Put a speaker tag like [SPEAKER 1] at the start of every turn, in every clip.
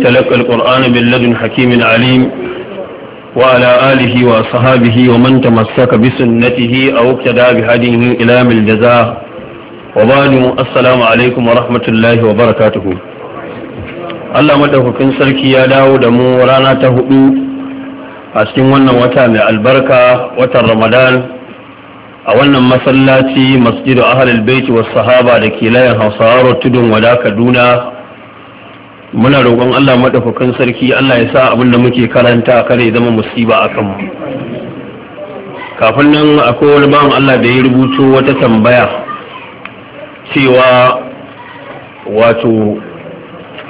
[SPEAKER 1] تلقى القرآن باللدن حكيم عليم وعلى آله وصحابه ومن تمسك بسنته أو اقتدى بهديه إلى من الجزاء وبعد السلام عليكم ورحمة الله وبركاته Allah madaukakin sarki ya dawo da mu rana ta hudu a cikin wannan wata mai albarka watan Ramadan a wannan masallaci masjidu ahlul baiti was sahaba da ke layin Hausawa tudun wada Kaduna muna roƙon Allah madaukakan sarki Allah ya sa abin da muke karanta kare zama musiba a kanmu kafin nan akwai wani bawan Allah da ya rubuto wata tambaya cewa wato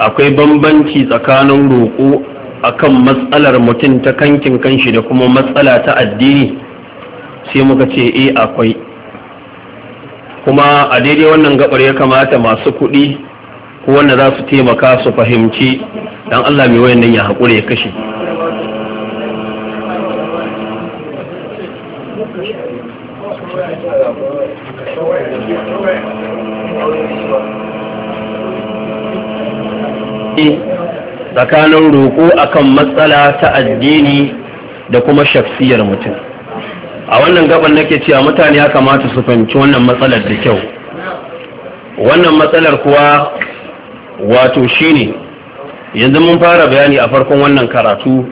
[SPEAKER 1] akwai bambanci tsakanin roƙo akan matsalar mutum ta kankin kanshi da kuma matsala ta addini sai muka ce e akwai kuma a daidai wannan gabar ya kamata masu kuɗi ko wanda za su taimaka su fahimci dan Allah mai wayannan ya haƙura ya kashe tsakanin roƙo akan matsala ta addini da kuma shafsiyar mutum a wannan gaban nake cewa mutane ya kamata su fahimci wannan matsalar da kyau wannan matsalar kuwa wato shine yanzu mun fara bayani a farkon wannan karatu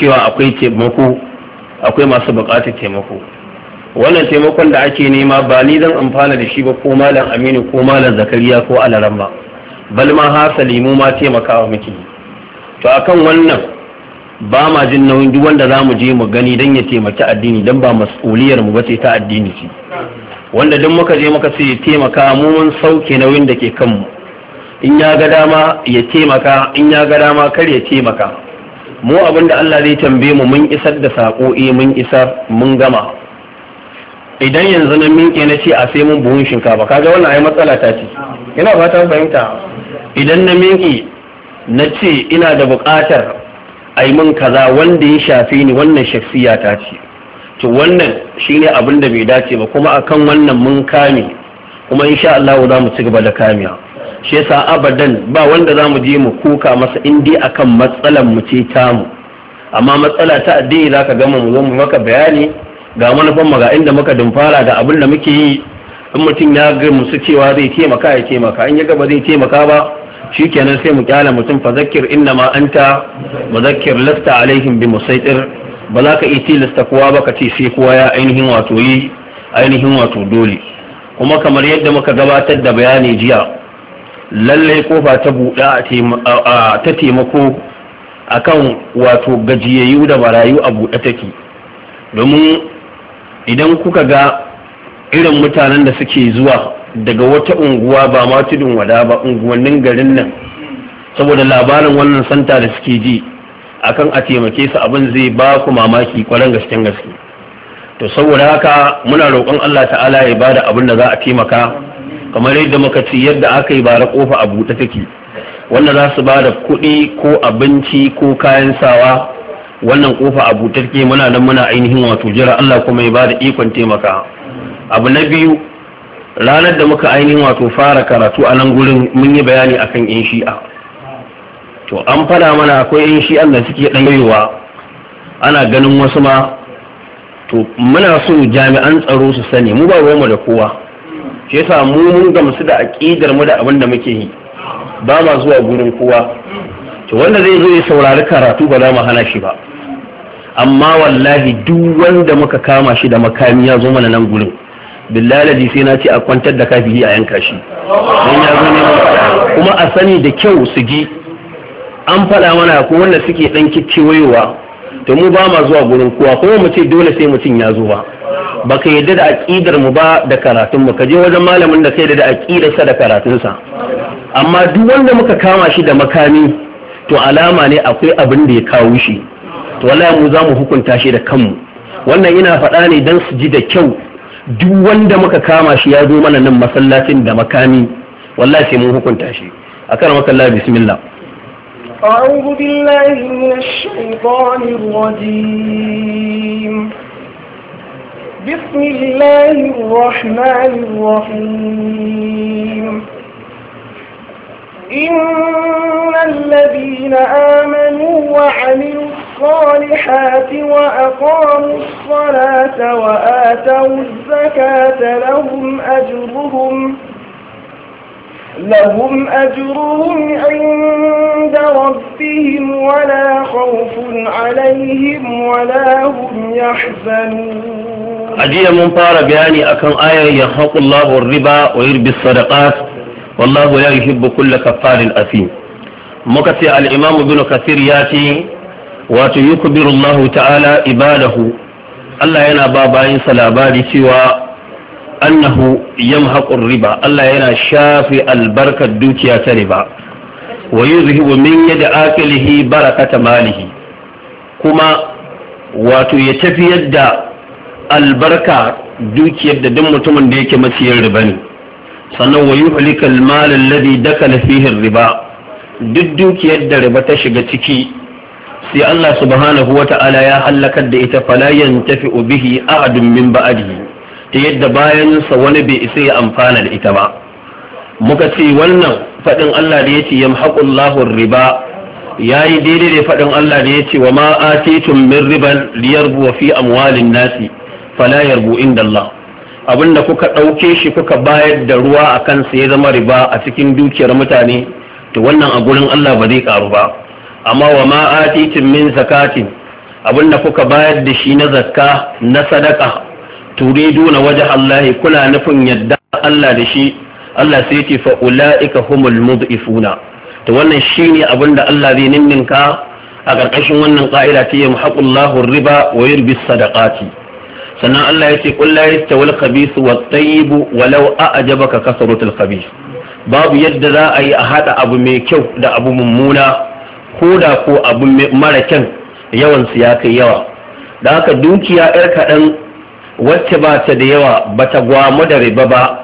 [SPEAKER 1] cewa akwai taimako akwai masu buƙatar taimako wannan taimakon da ake nema ba ni zan amfana da shi ba ko malam aminu ko malam zakariya ko alaran ba bal ma ha salimu ma taimakawa miki to akan wannan ba ma jin nauyin duk wanda za mu je mu gani don ya taimaki addini don ba mas'uliyar mu bace ta addini ce wanda duk muka je muka ce taimaka mu mun sauke nauyin da ke kanmu in ya ga dama ya taimaka in ya ga dama kar ya taimaka mu abinda Allah zai tambaye mu mun isar da sako mun isar mun gama idan yanzu na ke na ce a sai mun buhun shinkafa kaga wannan ai matsala ta ce ina fatan fahimta idan na minke na ce ina da buƙatar ai yi min kaza wanda ya shafe ni wannan shaksiya ta ce to wannan shine abin da bai dace ba kuma akan wannan mun kame kuma insha Allah za mu ci gaba da kamiya shi yasa abadan ba wanda za mu je mu kuka masa indi akan matsalar mu ce tamu amma matsala ta addini za ka gama mu zo mu maka bayani ga manufan mu ga inda muka dumfara da abin da muke yi in mutum ya ga musu cewa zai taimaka ya taimaka in ya ga ba zai taimaka ba shi kenan sai mu kyala mutum fa zakkir inna ma anta muzakkir lasta alaihim bi musaitir ba za ka iya tilasta kowa ba ka ce sai kowa ya ainihin wato yi ainihin wato dole kuma kamar yadda muka gabatar da bayani jiya lallai kofa ta buɗa ta taimako akan wato gajiyayyu da marayu a buɗe take domin idan kuka ga irin mutanen da suke zuwa daga wata unguwa ba ma tudun wada ba unguwannin garin nan saboda labarin wannan santa da suke ji akan a taimake su abin zai ba ku mamaki kwaran gasken gaske to saboda haka muna roƙon Allah ta'ala ya bada abin da za a taimaka kamar yadda muka ce yadda aka yi bara kofa a buɗe take wanda za su ba da kuɗi ko abinci ko kayan sawa wannan kofa a buɗe take muna nan muna ainihin wato jira Allah kuma ya ba da ikon taimaka abu na biyu ranar da muka ainihin wato fara karatu a nan gurin mun yi bayani akan yan shi'a to an fada mana akwai yan shi'an da suke ɗan ana ganin wasu ma to muna so jami'an tsaro su sani mu ba mu da kowa shi yasa mu mun gamsu da aqidar mu da abin da muke yi ba ma zuwa gurin kowa to wanda zai zo ya saurari karatu ba za mu hana shi ba amma wallahi duk wanda muka kama shi da makami ya zo mana nan gurin billahi sai na ce a kwantar da kafiri a yanka shi dan ya zo ne kuma a sani da kyau su ji an faɗa mana ko wanda suke dan kicciwayowa to mu ba ma zuwa gurin kowa kuma mu ce dole sai mutum ya zo ba baka yadda da aƙidar mu ba da karatun mu ka je wajen malamin da kai da aƙidar sa da karatun sa amma duk wanda muka kama shi da makami to alama ne akwai abin da ya kawo shi to wallahi mu za mu hukunta shi da kanmu wannan ina faɗa ne dan su ji da kyau duk wanda muka kama shi ya zo mana nan masallacin da makami wallahi sai mun hukunta shi akan makalla bismillah
[SPEAKER 2] أعوذ بالله من الشيطان الرجيم بسم الله الرحمن الرحيم إن الذين آمنوا وعملوا الصالحات وأقاموا الصلاة وآتوا الزكاة لهم أجرهم أجرهم لهم أجرهم عند ربهم ولا خوف عليهم ولا هم يحزنون
[SPEAKER 1] أجي من طار بياني أكم آية يخاق الله الربا ويربي الصدقات والله لا يحب كل كفار أثيم مكتي الإمام بن كثير ياتي وتيكبر الله تعالى إباده الله ينا بابا ينسى لاباري سوى annahu yamhaqu riba Allah yana shafi albarkar dukiya ta riba wa yuzhibu min yadi akilihi barakata malihi kuma wato ya tafiyar da albarka dukiyar da duk mutumin da yake maciyar riba ne sannan wa yuhlikal mal alladhi dakala fihi riba duk dukiyar da riba ta shiga ciki sai Allah subhanahu wata'ala ya halakar da ita fala yantafi bihi ahadun min ba'dihi ta yadda bayansa wani bai isa ya amfana da ita ba muka ce wannan faɗin Allah da ya ce yamhaqullahu riba yayi daidai da faɗin Allah da ya ce wa ma atitum min riban liyarbu fi amwalin nasi fala yarbu inda Allah abinda kuka ɗauke shi kuka bayar da ruwa a kansa ya zama riba a cikin dukiyar mutane to wannan a gurin Allah ba zai karu ba amma wa ma atitum min zakatin abinda kuka bayar da shi na zakka na sadaka turiduna wajen Allah kuna nufin yadda Allah da shi Allah sai ce fa ula'ika humul mud'ifuna to wannan shine ne abinda Allah zai ninninka a ƙarƙashin wannan ƙa'ida ta yi muhaqqullahu riba wa yurbi sadaqati sannan Allah ya ce qul la yastawil khabithu wat tayyib walau a'jabaka kasratul khabith babu yadda za a yi a haɗa abu mai kyau da abu mummuna ko da ko abu mara kyan yawan su ya kai yawa da haka dukiya yar kaɗan wacce ba ta da yawa ba ta gwamu da riba ba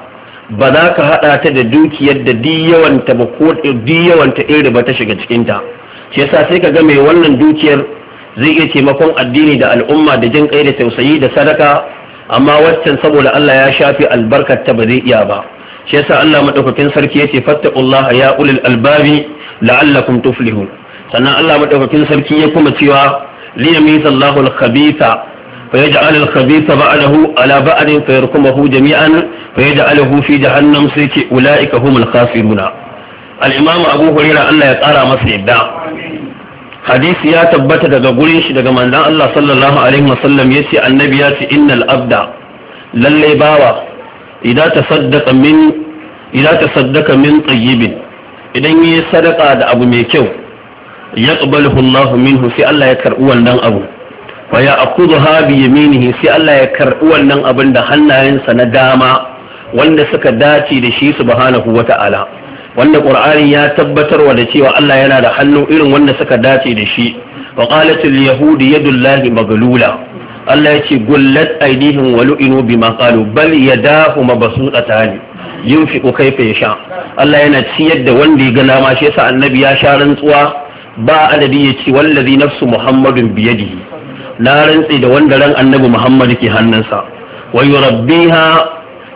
[SPEAKER 1] ba za ka haɗa ta da dukiyar da diyawanta ba riba ta shiga cikinta shi yasa sai ka ga mai wannan dukiyar zai iya taimakon addini da al'umma da jin kai da tausayi da sadaka amma waccan saboda Allah ya shafi albarkar ta ba zai iya ba shi yasa Allah maɗaukakin sarki yace fattaqullaha ya ulil albabi la'allakum tuflihu sannan Allah madaukakin sarki ya kuma cewa liyamiza Allahu al-khabitha فيجعل الخبيث بعده على بعد فيركمه جميعا فيجعله في جهنم سيك أولئك هم الخاسرون الإمام أبو هريرة أن يقارى مصر إبداع حديث يا تبت دقا قريش دقا من دان الله صلى الله عليه وسلم يسي النبي يسي إن الأبدع للي باوا إذا تصدق من إذا تصدق من طيب idan yi sadaka da abu mai kyau ya ƙabalhu Allah minhu sai Allah ya karɓi wannan abu fa ya akhudha ya yaminihi sai Allah ya karɓi wannan abin da hannayensa na dama wanda suka dace da shi bahanahu wata'ala wanda ƙur'ani ya tabbatarwa da cewa Allah yana da hannu irin wanda suka dace da shi wa qalat al yahudi yadullahi maglula Allah ya ce gullat aidihim wa lu'inu bima qalu bal yadahu mabsuutatan yunfiqu kayfa yasha Allah yana ciyar da wanda ya ga nama shi yasa annabi ya sha rantsuwa ba adadi ya ce wallazi nafsu muhammadun biyadihi na rantse da wanda ran annabi Muhammad ke hannunsa wa yurabbiha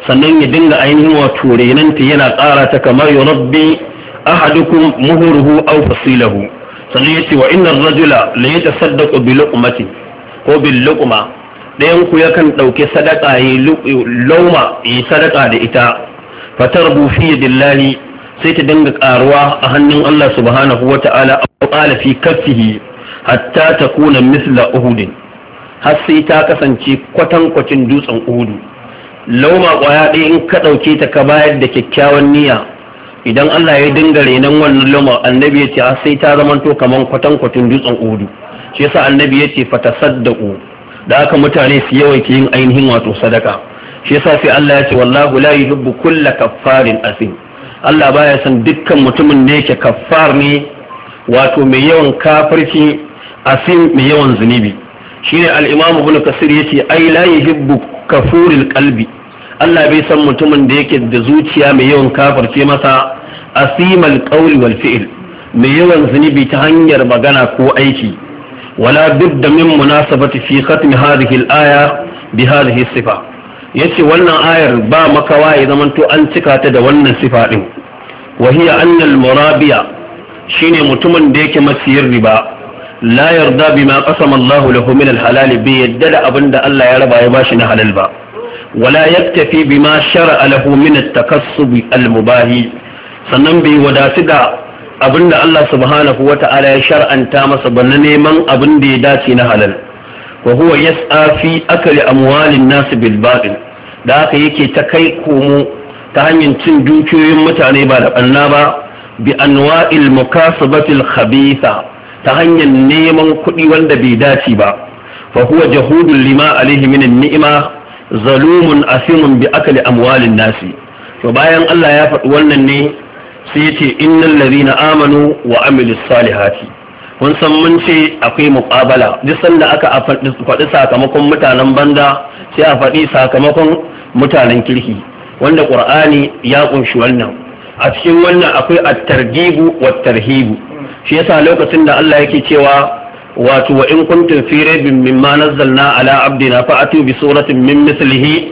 [SPEAKER 1] sannan ya dinga ainihin wato renanta yana ƙara ta kamar yurabbi ahadukum muhuruhu aw fasilahu sannan yace wa inna ar-rajula la yatasaddaqu bi luqmati ko bil luqma dayan ku yakan dauke sadaka yi lauma yi sadaka da ita fatarbu fi dillali sai ta dinga karuwa a hannun Allah subhanahu wata'ala aw qala fi kaffihi hatta ta kuna misla uhudin har sai ta kasance kwatan kwatankwacin dutsen uhudu lauma kwaya ɗaya in ka ɗauke ta ka bayar da kyakkyawan niyya idan Allah ya dinga renon wannan lauma annabi ya ce har sai ta to kaman kwacin dutsen uhudu shi yasa annabi ya ce fa tasaddaqu da aka mutane su ke yin ainihin wato sadaka shi yasa sai Allah ya ce wallahu la yuhibbu kulla kaffarin asim Allah baya son dukkan mutumin da yake kaffar ne wato mai yawan kafirci asim mai yawan zunubi shine al-imam ibn kasir yace ai la yuhibbu kafuril qalbi Allah bai san mutumin da yake da zuciya mai yawan kafirce masa asimal qawli wal fi'l mai yawan zunubi ta hanyar magana ko aiki wala da min munasabati fi khatm hadhihi al-aya bi hadhihi sifa yace wannan ayar ba makawa ya zamanto an cika ta da wannan sifa din wa hiya anna al-murabiya shine mutumin da yake masiyar riba la yarda bima qasama Allah lahu min bai yarda da abinda Allah ya raba ya bashi na halal ba wala yaktafi bima shar'a sannan bai wadatu da abinda Allah subhanahu wata'ala ya shar'anta masa ba na neman abin da ya dace na halal wa huwa yas'a fi akli amwalin nasu bil batil da haka yake ta kai komo ta hanyar cin dukiyoyin mutane ba da banna ba bi anwa'il mukasabatil khabitha ta hanyar neman kuɗi wanda bai dace ba fa huwa jahudul lima alaihi min ni'ima zalumun asimun bi akali amwalin nasi to bayan Allah ya faɗi wannan ne sai ya ce innal ladina amanu wa amilus salihati kun san mun ce akwai muqabala duk sanda aka faɗi sakamakon mutanen banda sai a faɗi sakamakon mutanen kirki wanda qur'ani ya kunshi wannan a cikin wannan akwai at-targhibu wat-tarhibu shi yasa lokacin da Allah yake cewa wato wa in kuntum fi raibin mimma nazzalna ala abdina fa atu bi suratin min mislihi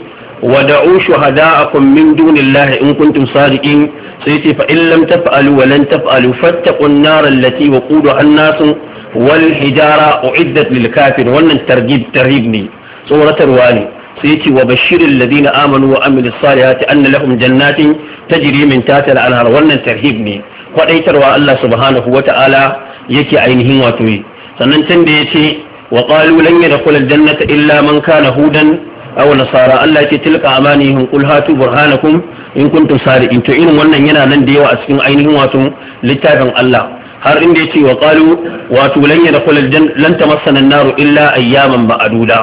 [SPEAKER 1] wa da'u shuhada'akum min dunillahi in kuntum sadiqin sai ce fa in lam taf'alu wa lan taf'alu fattaqun nar allati waquduha an-nas wal hijara uiddat lil kafir wannan targhib tarhib ne tsoratarwa ne sai ce wa bashirin ladina amanu wa amilu salihati anna lahum jannatin tajri min tahtiha al-anhar wannan tarhib ne kwadaitarwa Allah subhanahu wata'ala yake ainihin wato yi sannan can da ce wa qalu yadda yadkhul aljannata illa man kana hudan aw nasara Allah yake tilka amanihin qul hatu burhanakum in kuntum sadiqin to irin wannan yana nan da yawa a cikin ainihin wato littafin Allah har inda yace wa qalu wato lan yadda aljannata lan tamassana an-naru illa ayyaman ba'duda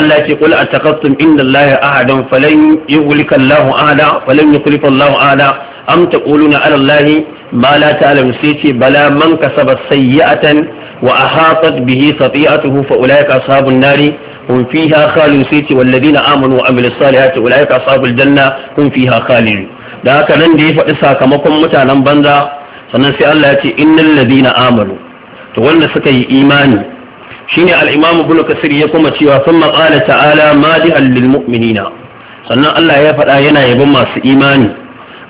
[SPEAKER 1] Allah ce kula a takattun inda Allah ya ahadan falan yi hulika Allah ahada falan yi kulifan ahada am taquluna ala allahi ma la alamu sai ce bala man kasaba sayyi'atan wa ahatat bihi khati'atuhu fa ulaika ashabun nari sai ce خالد سيتي والذين wa وعملوا الصالحات أولئك أصحاب الجنة هم فيها خالد da haka nan da ya faɗi sakamakon mutanen banza sannan sai Allah ya ce innal ladina amanu to wanda suka yi imani shine al-imamu ibn kasir ya kuma cewa thumma qala ta'ala madihan lil mu'minina sannan Allah ya faɗa yana yabon masu imani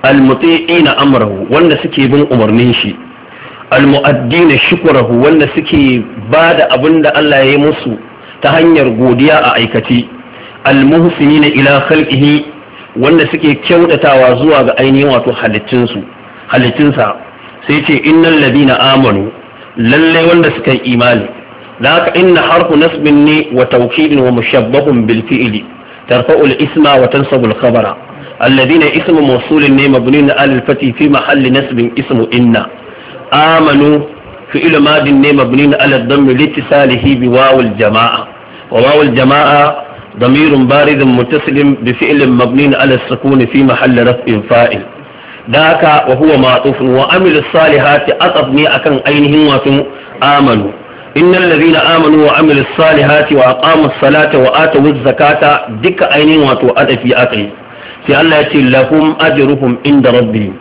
[SPEAKER 1] almuti'ina amrahu wanda suke bin umarnin shi almu'addina shukrahu wanda suke ba da abinda Allah ya yi musu ta hanyar godiya a aikaci almuhsinina ila khalqihi wanda suke kyautatawa zuwa ga ainihin wato halittinsu halittinsa sai ce innal na amanu lallai wanda suka yi imani da haka inna harfu nasbin ne wa tawkidin wa mushabbahun bil fi'li tarfa'u al isma wa tansabu الذين اسم موصول ني مبني على الفتح في محل نسب اسم إن آمنوا فعل ماد ني مبني على الضم لاتصاله بواو الجماعة وواو الجماعة ضمير بارد متصل بفعل مبني على السكون في محل رفع فاعل ذاك وهو معطوف وعمل الصالحات أطبني أكن أينهم وتم آمنوا إن الذين آمنوا وعملوا الصالحات وأقاموا الصلاة وآتوا الزكاة دك أينهم وتؤدى في أقل sai Allah ya ce lahum ajruhum inda rabbihim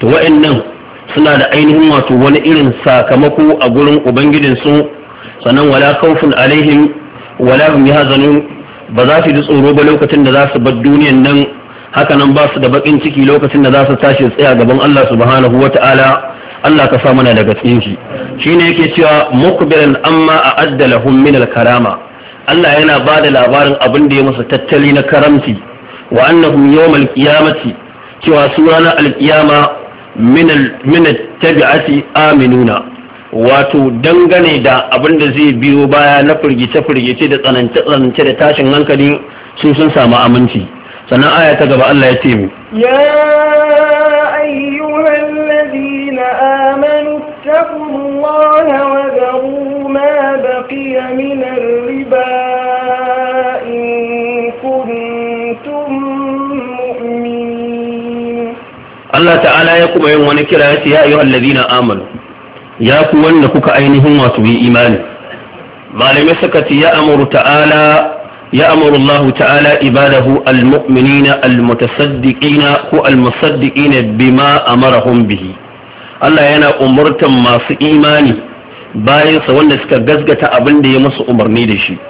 [SPEAKER 1] to wa'annan suna da ainihin wato wani irin sakamako a gurin ubangijin su sannan wala khawfun alaihim wala hum yahzanun ba za su ji tsoro ba lokacin da za su bar duniyan nan haka nan ba su da bakin ciki lokacin da za su tashi tsaya gaban Allah subhanahu wata'ala Allah ka sa mana daga cikin shi shine yake cewa mukbiran amma a lahum min al-karama Allah yana ba da labarin abin da ya masa tattali na karamci wa annahum yawm al-qiyamati cewa su ranar alkiyama min tabi'ati aminuna wato dangane da abin da zai biyo baya na firgice-firgice da tsanance-tsanance da tashin hankali su sun samu aminci sannan aya ta gaba Allah ya ce mu
[SPEAKER 2] ya ayyuhal ladina amanu taqullaha wa ma baqiya min riba
[SPEAKER 1] Allah ta'ala ya kuma yin wani kira ya ce ya ayyuhal ladina amanu ya ku wanda kuka ainihin wasu yi imani malamai suka ce ya amuru ta'ala ya amuru Allah ta'ala ibadahu almu'minina almutasaddiqina ko almusaddiqina bima amarahum bihi Allah yana umurtan masu imani bayansa wanda suka gazgata abin da ya musu umarni da shi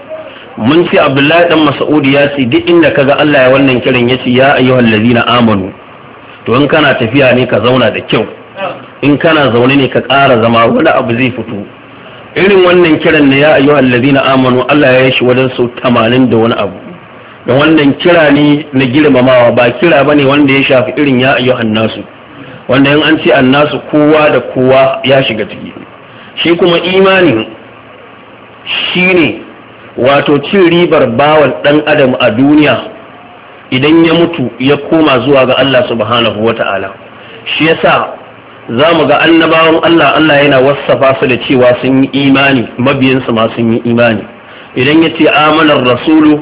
[SPEAKER 1] mun ce Abdullahi dan Mas'ud ya ce duk inda kaga Allah ya wannan kiran yace ya ayyuhal ladina amanu to in kana tafiya ne ka zauna da kyau in kana zaune ne ka ƙara zama wani abu zai fito irin wannan kiran na ya na allazina amanu Allah ya yi shi wajen su tamanin da wani abu da wannan kira ne na girmamawa ba kira bane wanda ya shafi irin ya ayyu annasu wanda in an ce annasu kowa da kowa ya shiga ciki shi kuma imani shine wato cin ribar bawan dan adam a duniya idan ya mutu ya koma zuwa ga Allah subhanahu wa ta'ala shi ya sa za mu ga annabawan Allah Allah yana wassafa su da cewa sun yi imani mabiyansu ma sun yi imani idan ya ce amanar rasulu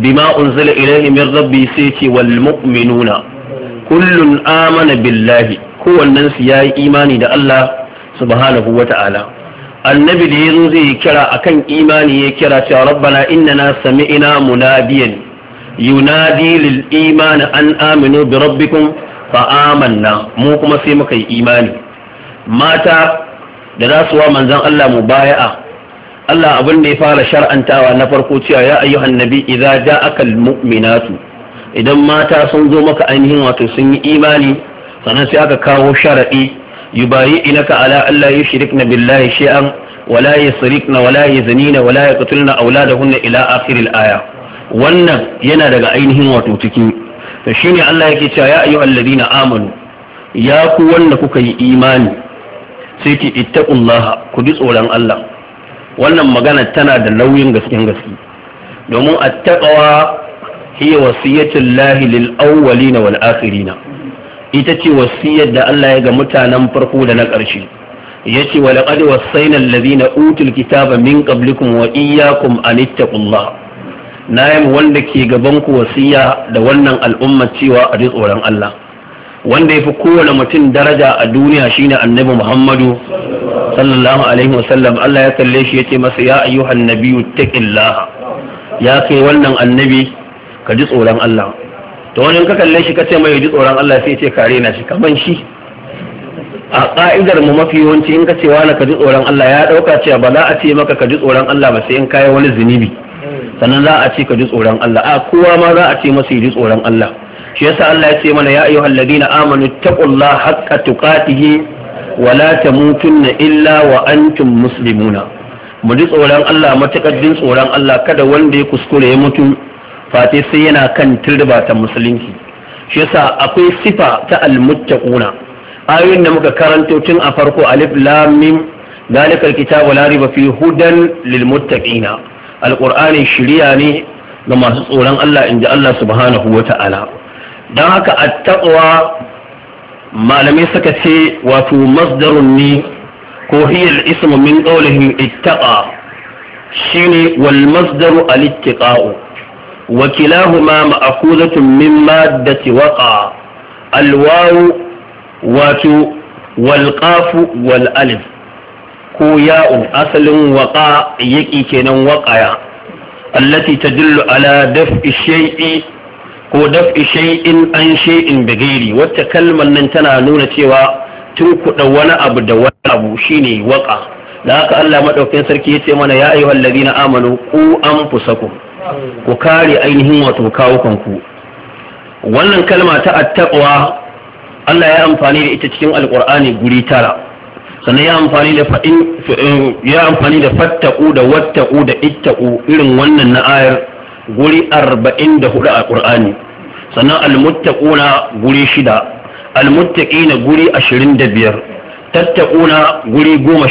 [SPEAKER 1] bima unzila ilaihi min rabbi sai ce wal mu'minuna kullun amana billahi kowannen su yayi imani da Allah subhanahu wa ta'ala annabi da zo zai kira akan imani ya kira cewa rabbana innana sami'ina munadiyan yunadi lil imani an aminu bi rabbikum fa amanna mu kuma sai muka yi imani mata da za su wa manzon Allah baya'a. Allah abin da ya fara shar'antawa na farko cewa ya ayyuhan nabi idza ja'aka muminatu idan mata sun zo maka ainihin wato sun yi imani sannan sai aka kawo sharadi yubayi inaka ala Allah yushrikna billahi shay'an wala yusrikna wala yazinina wala yaqtulna auladahunna ila akhiril aya wannan yana daga ainihin wato ciki shine Allah yake cewa ya ayyuhal ladina amanu ya ku wanda kuka yi imani sai ki ittaqullaha ku ji tsoron Allah wannan magana tana da nauyin gasken gaske domin attaqwa hiya wasiyatul lahi lil awwalina wal akhirina ita ce wasiyar da Allah ya ga mutanen farko da na ƙarshe yace wa laqad wasaina alladhina utul kitaba min qablikum wa iyyakum an ittaqullaha na yi wanda ke gaban ku wasiya da wannan al'umma cewa a ji tsoron Allah wanda ya fi kowane mutum daraja a duniya shine annabi Muhammadu sallallahu alaihi wasallam Allah ya kalle shi ya ce masa ya ayyuhan nabiyyu taqillah ya kai wannan annabi ka ji tsoron Allah to wani ka kalle shi ka ce mai ji tsoron Allah sai ce kare na shi kaman shi a ka'idar mu mafi yawanci in ka ce wala ka ji tsoron Allah ya dauka cewa ba za a ce maka ka ji tsoron Allah ba sai in kai wani zunubi sannan za a ce ka ji tsoron Allah a kowa ma za a ce masa ji tsoron Allah shi yasa Allah ya ce mana ya ayyuhal ladina amanu taqullaha haqqa tuqatihi wa la tamutunna illa wa antum muslimuna mu ji tsoron Allah matakar jin tsoron Allah kada wanda ya kuskure ya mutu fate sai yana kan turba ta musulunci shi yasa akwai sifa ta almuttaquna ayoyin da muka karanto tun a farko alif lam mim ذلك الكتاب لا ريب فيه هدى للمتقين alƙur'ani shirya ne ga masu tsoron Allah in ji Allah subhanahu wa ta'ala don haka attaqwa malamai suka ce wato masdarun ne ko hiyar ismu min qawlihim ittaqa shine wal masdaru al ittiqa'u wa kilahuma ma'khuzatun min maddati waqa al wato wal wal alif ko ya'un asalin waƙa yaƙi kenan waƙaya allati tadullu ala daf shay'i ko daf'i shay'in an shay'in bighairi wacce kalmar nan tana nuna cewa tun kuɗa wani abu da wani abu shine waƙa da haka Allah madaukakin sarki ya ce mana ya ayyuhal ladina amanu ku anfusakum ku kare ainihin wato kawo kanku wannan kalma ta attaqwa Allah ya amfani da ita cikin alqur'ani guri tara sannan ya amfani da fa'in eh, ya amfani da fattaku da wattaku da ittaku irin wannan na ayar guri 44 a Qur'ani sannan almuttaquna guri shida almuttaqina guri 25 tattaquna guri 19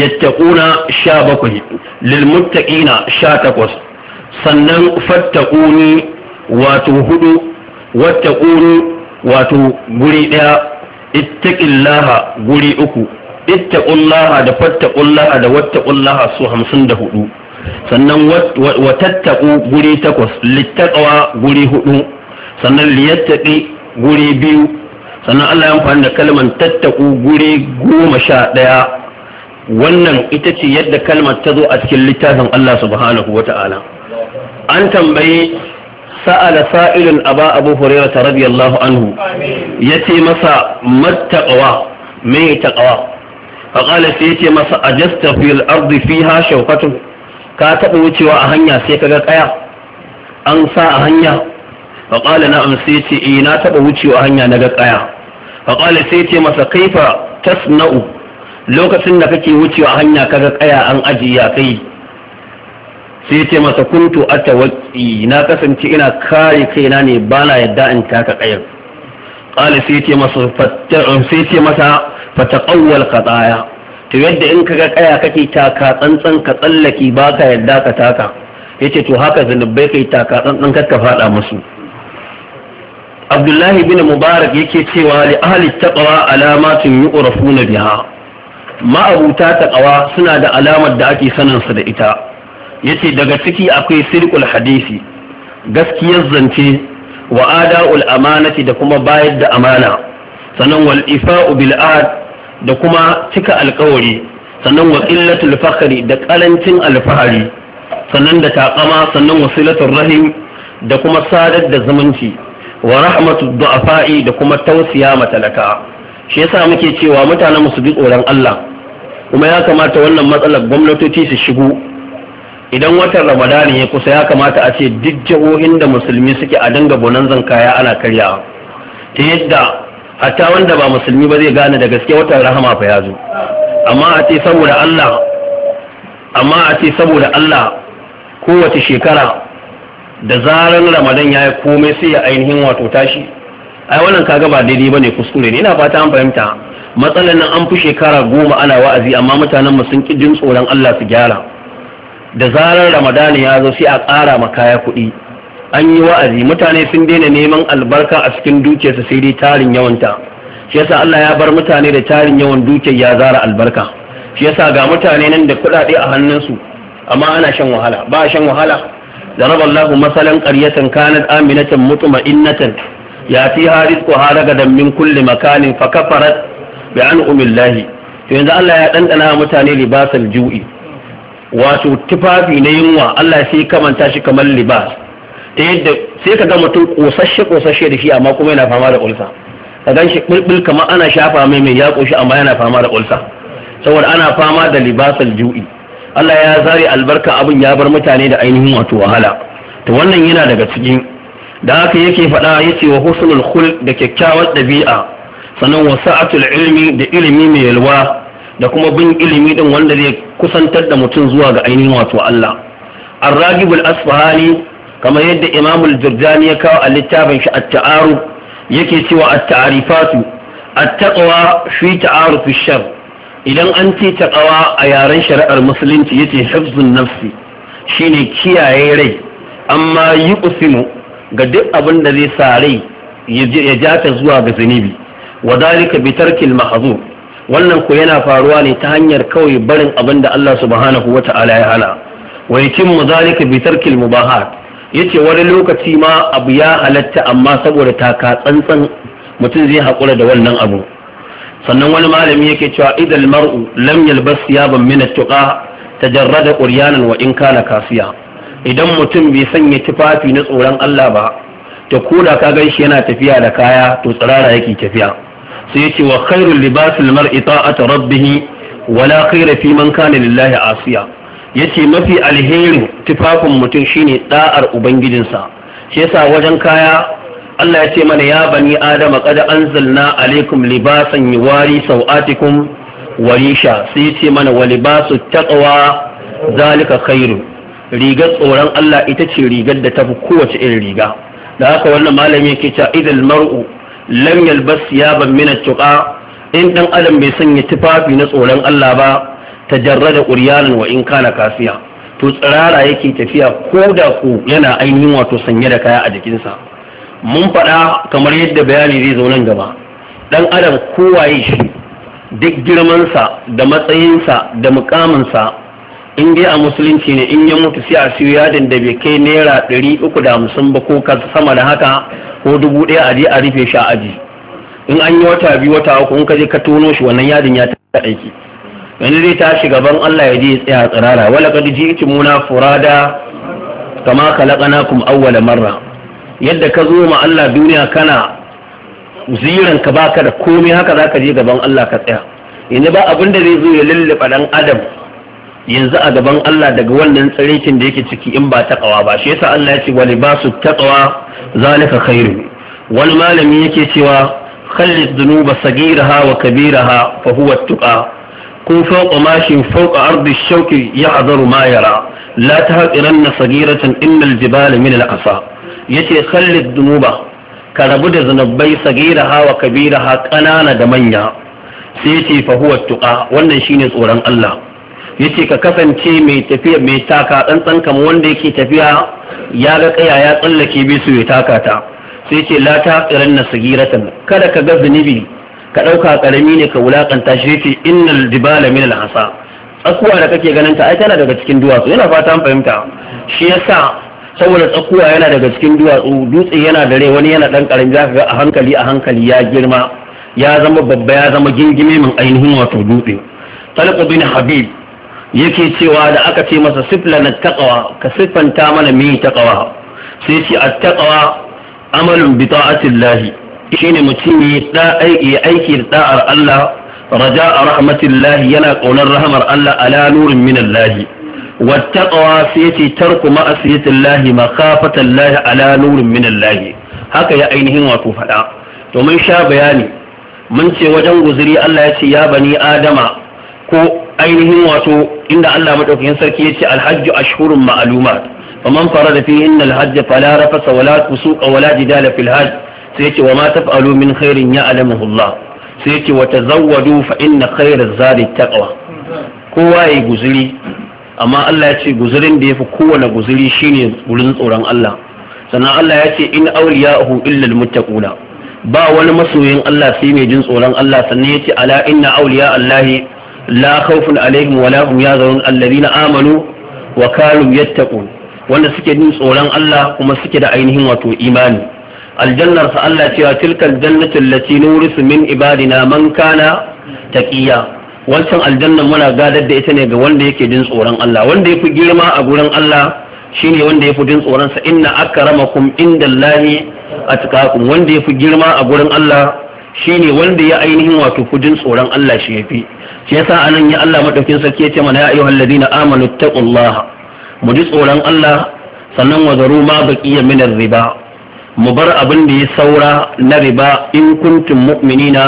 [SPEAKER 1] yattaquna 17 lilmuttaqina 18 sannan fattaquni wato hudu wattaquni wato guri daya ittaqillaha guri uku ittaqullaha da fattaqullaha da wattaqullaha su hudu sannan watattaqu guri takwas littaqwa guri hudu sannan liyattaqi guri biyu sannan Allah ya amfani da kalmar tattaku guri goma sha ɗaya wannan ita ce yadda kalmar ta zo a cikin littafin Allah subhanahu wa ta'ala an tambayi sa'ala sa'ilun aba abu hurairah radiyallahu anhu yace masa mattaqwa me taqwa fa qala sai yace masa ajasta fil ardi fiha shawqatun ka taba wucewa a hanya sai kaga kaya an sa a hanya fa qala na'am sai yace eh, na taba wucewa a hanya naga kaya fa qala masa kaifa tasna'u lokacin da kake wucewa a hanya kaga kaya an ajiya kai sai ce masa kuntu atawaqi na kasance ina kare kaina ne bana yadda in taka kayan Kale sai ce masa sai ya ce masa fataqawwal qadaya to yadda in kaga kaya kake taka tsantsan ka tsallaki baka yadda ka taka yace to haka zanubai kai taka tsantsan ka fada musu Abdullahi bin Mubarak yake cewa li ahli taqwa alamatun yu'rafuna biha ma'abuta taqwa suna da alamar da ake sanin su da ita yace daga ciki akwai sirqul hadisi gaskiyar zance wa ada'ul amanati da kuma bayar da amana sannan wal ifa'u bil'ad da kuma cika alkawari sannan wa qillatul fakari da karancin alfahari sannan da taƙama sannan wasilatul rahim da kuma sadar da zumunci wa rahmatud du'afa'i da kuma tausiya matalaka shi yasa muke cewa mutanen musu bi tsoron Allah kuma ya kamata wannan matsalar gwamnatoci su shigo idan watan ramadani ya kusa ya kamata a ce duk jihohin da musulmi suke a dinga bonanzan kaya ana karyawa ta yadda hatta wanda ba musulmi ba zai gane da gaske watan rahama fa ya zo amma a ce saboda Allah amma a ce saboda Allah kowace shekara da zaran ramadan ya yi komai sai ya ainihin wato tashi ai wannan kaga ba daidai bane kuskure ne ina fata an fahimta matsalan nan an fi shekara goma ana wa'azi amma mutanen mu sun ki jin tsoron Allah su gyara da zarar ramadani ya zo sai a ƙara ma kaya kuɗi an yi wa'azi mutane sun daina neman albarka a cikin dukiyarsa sai dai tarin yawanta shi yasa Allah ya bar mutane da tarin yawan dukiyar ya zara albarka shi yasa ga mutane nan da kuɗaɗe a hannunsu amma ana shan wahala ba shan wahala da raba Allah masalan qaryatan kanat aminatan mutma'innatan yatiha rizquha ragadan min kulli makanin fa kafarat bi umillahi to yanzu Allah ya dandana mutane libasul ju'i wato tufafi na yunwa Allah sai kamanta shi kamar libas ta yadda sai ka ga mutum kosashe kosashe da shi amma kuma yana fama da ulsa ka gan shi bulbul kamar ana shafa mai mai ya koshi amma yana fama da ulsa saboda ana fama da libasal ju'i Allah ya zare albarka abin ya bar mutane da ainihin wato wahala to wannan yana daga cikin da haka yake faɗa yace wa husnul khulq da kyakkyawar ɗabi'a sannan wa sa'atul ilmi da ilimi mai yalwa da kuma bin ilimi din wanda zai kusantar da mutum zuwa ga ainihin wato Allah arragibul asfahani kamar yadda imamul jirjani ya kawo a littafin shi at-ta'aruf yake cewa at-ta'arifatu at-taqwa fi ta'aruf shar idan an ce taqwa a yaren shari'ar musulunci yace hifzun nafsi shine kiyaye rai amma yi usinu ga duk abin da zai sa rai ya jata zuwa ga zunubi wazalika dalika bi tarkil wannan ku yana faruwa ne ta hanyar kawai barin abin da Allah subhanahu wa ta'ala ya hana wa yatimmu zalika bi tarkil mubahat yace wani lokaci ma abu ya halatta amma saboda taka tsantsan mutum zai haƙura da wannan abu sannan wani malami yake cewa idal mar'u lam yalbas thiyaban min at-tuqa tajarrada quryanan wa in kana kasiya idan mutum bai sanya tufafi na tsoron Allah ba to koda ka gan shi yana tafiya da kaya to tsirara yake tafiya sai yace wa khairul libasul mar'i ta'atu rabbih wala khaira fi man kana lillahi asiya yace mafi alherin tufafin mutum shine da'ar ubangijinsa shi yasa wajen kaya Allah ya ce mana ya bani adama qad anzalna alaikum libasan yuwari sawatikum wa risha sai yace mana wa libasu taqwa zalika khairu rigar tsoron Allah ita ce rigar da tafi kowace irin riga da haka wannan malami yake cewa idil mar'u lam yalbas siyaban min tuqa in dan adam bai sanya tufafi na tsoron Allah ba tajarrada quryanan wa in kana kasiya to tsirara yake tafiya ko da ku yana ainihin wato sanye da kaya a jikinsa mun faɗa kamar yadda bayani zai zo nan gaba dan adam kowaye shi duk girmansa da matsayinsa da mukaminsa in dai a musulunci ne in ya mutu sai a siyo yadin da bai kai naira ɗari uku da hamsin ba ko sama da haka ko dubu ɗaya a je a rufe shi a aji in an yi wata biyu wata uku in ka je ka tono shi wannan yadin ya ta aiki yanzu zai tashi gaban Allah ya je ya tsaya tsirara wala kad muna furada kama ka kuma awwala marra yadda ka zo ma Allah duniya kana ziran ka baka da komai haka za ka je gaban Allah ka tsaya ina ba abin da zai zo ya lullufa dan adam yanzu a gaban Allah daga wannan tsirikin da yake ciki in ba taqwa ba shi yasa Allah ya ce wa libasu taqwa zalika khairu wani malami yake cewa khallis dunuba sagiraha wa kabiraha fa huwa tuqa kun fawqa mashin fawqa ardi shauki ya ma yara la tahqiranna sagiratan innal jibala min al yace khallis dunuba ka rabu da zanabbai sagiraha wa kabiraha kanana da manya sai yace fa huwa tuqa wannan shine tsoron Allah yace ka kasance mai tafiya mai taka tsantsan kamar wanda yake tafiya ya ga kaya ya tsallake bisu ya taka ta sai ce la ta tsiran na sagiratan kada ka ga zunubi ka ɗauka ƙarami ne ka wulaƙanta shi yake innal dibala min al-hasa tsakuwa da kake ganin ta ai tana daga cikin duwatsu yana fata an fahimta shi yasa saboda tsakuwa yana daga cikin duwatsu dutse yana dare wani yana dan karami zaka ga a hankali a hankali ya girma ya zama babba ya zama gingime min ainihin wato dutse talq bin habib yake cewa da aka ce masa sifla na taqwa ka sifanta mana me taqwa sai shi at taqwa amalun bi ta'atillahi shine mutum ya da aiki aiki da da'ar Allah raja'a rahmatillahi yana kaunar rahmar Allah ala nurin min Allah wattaqwa sai ce tarku ma'asiyatillahi makafatallahi ala nurin min Allah haka ya ainihin wato faɗa to mun sha bayani mun ce wajen guzuri Allah ya ce ya bani adama ko ainihin wato inda Allah madaukakin sarki yace alhajju ashhurun maluma faman farada fihinna alhajj fala rafasa wala fusuqa wala jidala fil hajj sai yace wa ma taf'alu min khairin ya'lamuhu Allah sai yace wa tazawwadu fa inna khairaz zadi taqwa kowa yayi guzuri amma Allah ya ce guzurin da yafi kowane guzuri shine gurin tsoron Allah sannan Allah ya ce in awliya'uhu illa almuttaquna ba wani masoyin Allah sai mai jin tsoron Allah sannan yace ala inna awliya Allahi la khawfun alaihim wa la na yazarun alladhina amanu wa kanu yattaqun wanda suke jin tsoron Allah kuma suke da ainihin wato imani aljannar sa Allah cewa tilkal jannatu allati nurisu min ibadina man kana taqiya wancan aljannan muna gadar da ita ne ga wanda yake jin tsoron Allah wanda yafi girma a gurin Allah shine wanda yafi jin tsoron sa inna akramakum indallahi atqakum wanda yafi girma a gurin Allah shine wanda ya ainihin wato fujin tsoron Allah shi yafi shi yasa anan ya Allah madaukin sarki yace mana ya ayyuhal ladina amanu taqullaha mu ji tsoron Allah sannan wa zaru ma baqiya min riba mu bar abin da ya saura na riba in kuntum mu'minina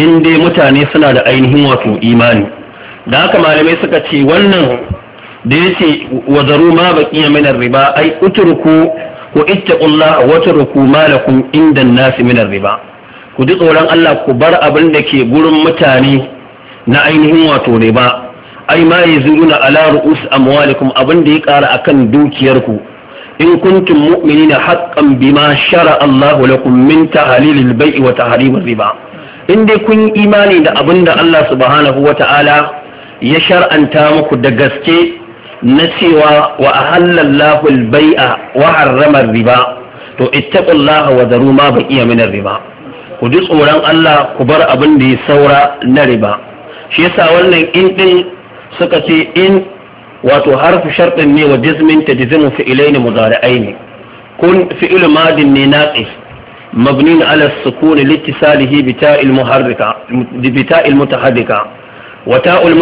[SPEAKER 1] in dai mutane suna da ainihin wato imani da haka malamai suka ce wannan da yace wa zaru ma baqiya min riba ai utruku wa ittaqullaha wa turku ma lakum inda an-nas min riba ku ji tsoron Allah ku bar abin da ke gurin mutane na ainihin wato riba ai ma na ala ru'us amwalikum abin da ya kara a kan dukiyarku in kuntum na haqqan bima shara Allah lakum min tahlilil bai'i wa riba in dai kun imani da abin da Allah subhanahu wata'ala ya shar'anta muku da gaske na cewa wa a halallahu baia wa harrama riba to ittaqullaha wa daru ma iya min riba ku ji tsoron Allah ku bar abin da ya saura na riba shi yasa wannan in din suka ce in wato harfi sharɗin ne wa jizmin ta jizimu fi'ilai ne muzari'ai ne kun fi'il madin ne naqis mabnin ala sukun littisalihi bita'il muharrika bita'il mutaharrika wa ta'ul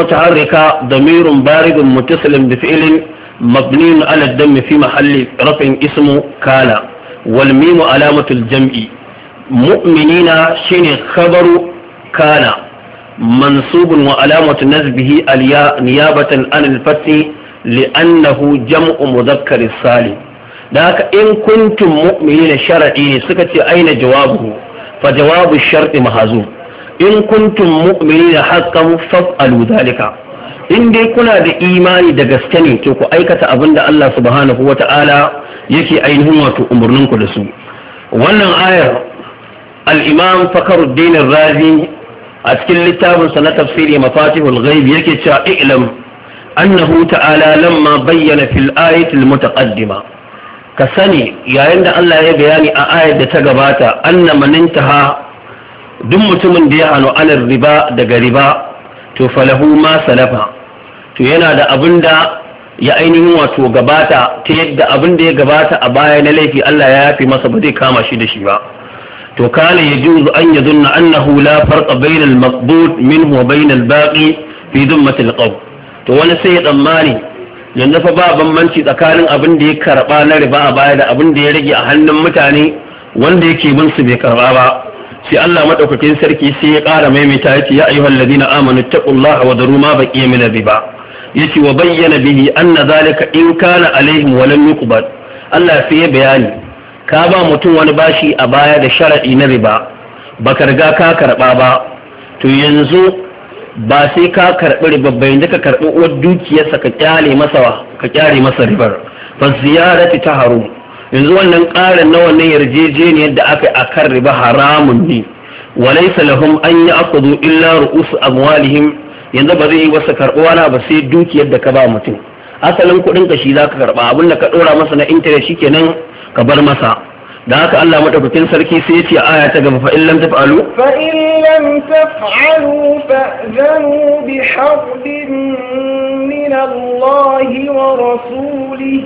[SPEAKER 1] da damirun baridun muttasilin bi fi'ilin mabnin ala dam fi mahalli rafin ismu kala walmimu alamatul jam'i mu'minina shine khabaru kala. منصوب وعلامة نسبه الياء نيابة عن الفتح لأنه جمع مذكر السالم ذاك إن كنتم مؤمنين شرعي سكت أين جوابه فجواب الشرط مهزوم إن كنتم مؤمنين حقا فافعلوا ذلك in dai kuna da imani da gaske ne to ku aikata abin da Allah subhanahu wa ta'ala yake ainihin wato umarninku da su wannan ayar al-imam fakaruddin razi a cikin littafinsa na tafsiri mafatihul ghaib yake cewa ilm annahu ta'ala lamma bayyana fil ayatil mutaqaddima ka sani yayin da Allah ya bayani a ayar da ta gabata anna man intaha duk mutumin da ya hano anar riba daga riba to falahu ma salafa to yana da abin da ya ainihin wato gabata ta yadda abin da ya gabata a baya na laifi Allah ya yafi masa ba zai kama shi da shi ba to ya yajuzu an yadunna annahu la farqa bayna al-maqbud minhu wa bayna al-baqi fi dhimmat al to wani sai ya tsammani yanzu fa ba bambanci tsakanin abin da ya karba na riba a baya da abin da ya rage a hannun mutane wanda yake bin su bai karba ba sai Allah madaukakin sarki sai ya ƙara maimaita yace ya ayyuhal ladina amanu taqullaha wa daru ma baqiya min riba yace wa bayyana bihi anna zalika in kana alaihim wa lam yuqbal Allah sai ya bayani ka ba mutum wani bashi a baya da sharaɗi na riba baka riga ka karɓa ba to yanzu ba sai ka karɓi riba ba yanzu ka karɓi uwar dukiyarsa ka kyale masa ka kyale masa ribar fa ziyarati ta haru yanzu wannan ƙarin na wannan yarjejeniyar da aka kan riba haramun ne walaysa lahum an ya'khudhu illa ru'us amwalihim yanzu ba zai yi wasu karɓuwa na ba sai dukiyar da ka ba mutum asalin kuɗin ka shi zaka karɓa abin ka ɗora masa na interest shikenan ka bar masa da haka Allah madaukakin sarki sai ya ce aya ta gaba fa in lam taf'alu
[SPEAKER 2] fa in lam taf'alu fa'zanu bi harbin min Allah wa rasuli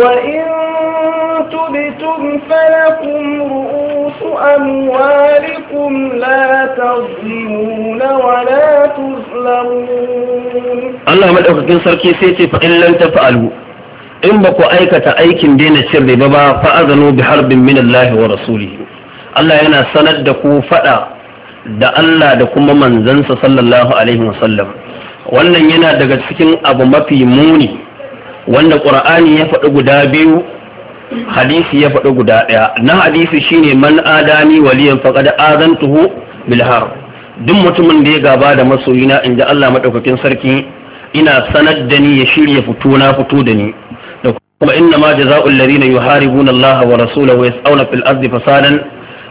[SPEAKER 2] wa in tubtum falakum ru'usu amwalikum la tazlimuna wa la tuzlamun
[SPEAKER 1] Allah madaukakin sarki sai ya ce fa in lam taf'alu in ba ku aikata aikin daina cin riba ba azanu bi harbin min Allah wa rasulihi Allah yana sanar da ku fada da Allah da kuma manzansa sallallahu alaihi wa sallam wannan yana daga cikin abu mafi muni wanda qur'ani ya faɗi guda biyu hadisi ya faɗi guda ɗaya na hadisi shine man adani waliyan faqad azantuhu bil harb duk mutumin da ya gaba da masoyina in Allah madaukakin sarki ina sanar da ni ya shirya fito na fito da ni kuma inna ma jaza'ul yuharibu yuharibuna Allah wa rasulahu yas'una fil ardi fasadan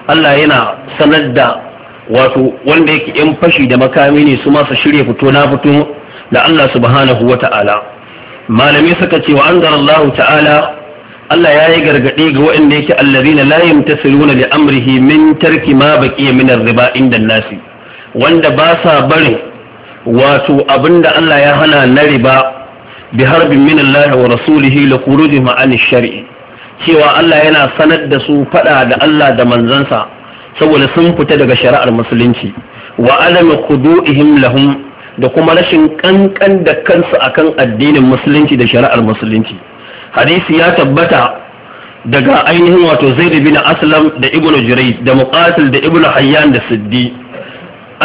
[SPEAKER 1] Allah yana sanar da wato wanda yake yan fashi da makami ne su shirya fito na fito da Allah subhanahu wa ta'ala malamai suka cewa wa anzar Allah ta'ala Allah ya yi gargaɗe ga waɗanda yake allazina la yamtasiluna li amrihi min tarki ma baqiya min ar-riba inda nasi wanda ba sa barin wato da Allah ya hana na riba bi harbin min Allah wa rasulihi la shari cewa Allah yana sanar da su fada da Allah da manzansa saboda sun fita daga shari'ar musulunci wa adam khudu'ihim lahum da kuma rashin kankan da kansu akan addinin musulunci da shari'ar musulunci hadisi ya tabbata daga ainihin wato zaid bin aslam da ibnu jurayd da muqatil da ibnu hayyan da siddi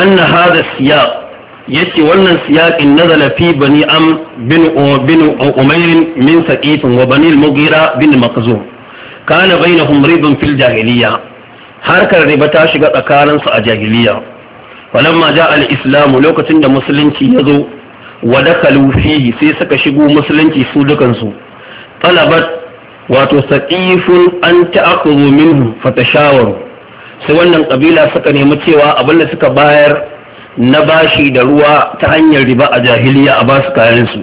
[SPEAKER 1] anna hadha siyaq yace wannan siyaqin nazala fi bani am bin bin umayr min saqif wa bani al-mughira bin makhzum kana bainahum ribun fil jahiliya harkar riba ta shiga tsakanin su a jahiliya walamma ja al-islam lokacin da musulunci ya zo wa dakalu fihi sai suka shigo musulunci su dukan su talabat wato saqifun an ta'khudhu minhu fatashawaru sai wannan kabila suka nemi cewa abinda suka bayar na bashi da ruwa ta hanyar riba a jahiliya a basu kayansu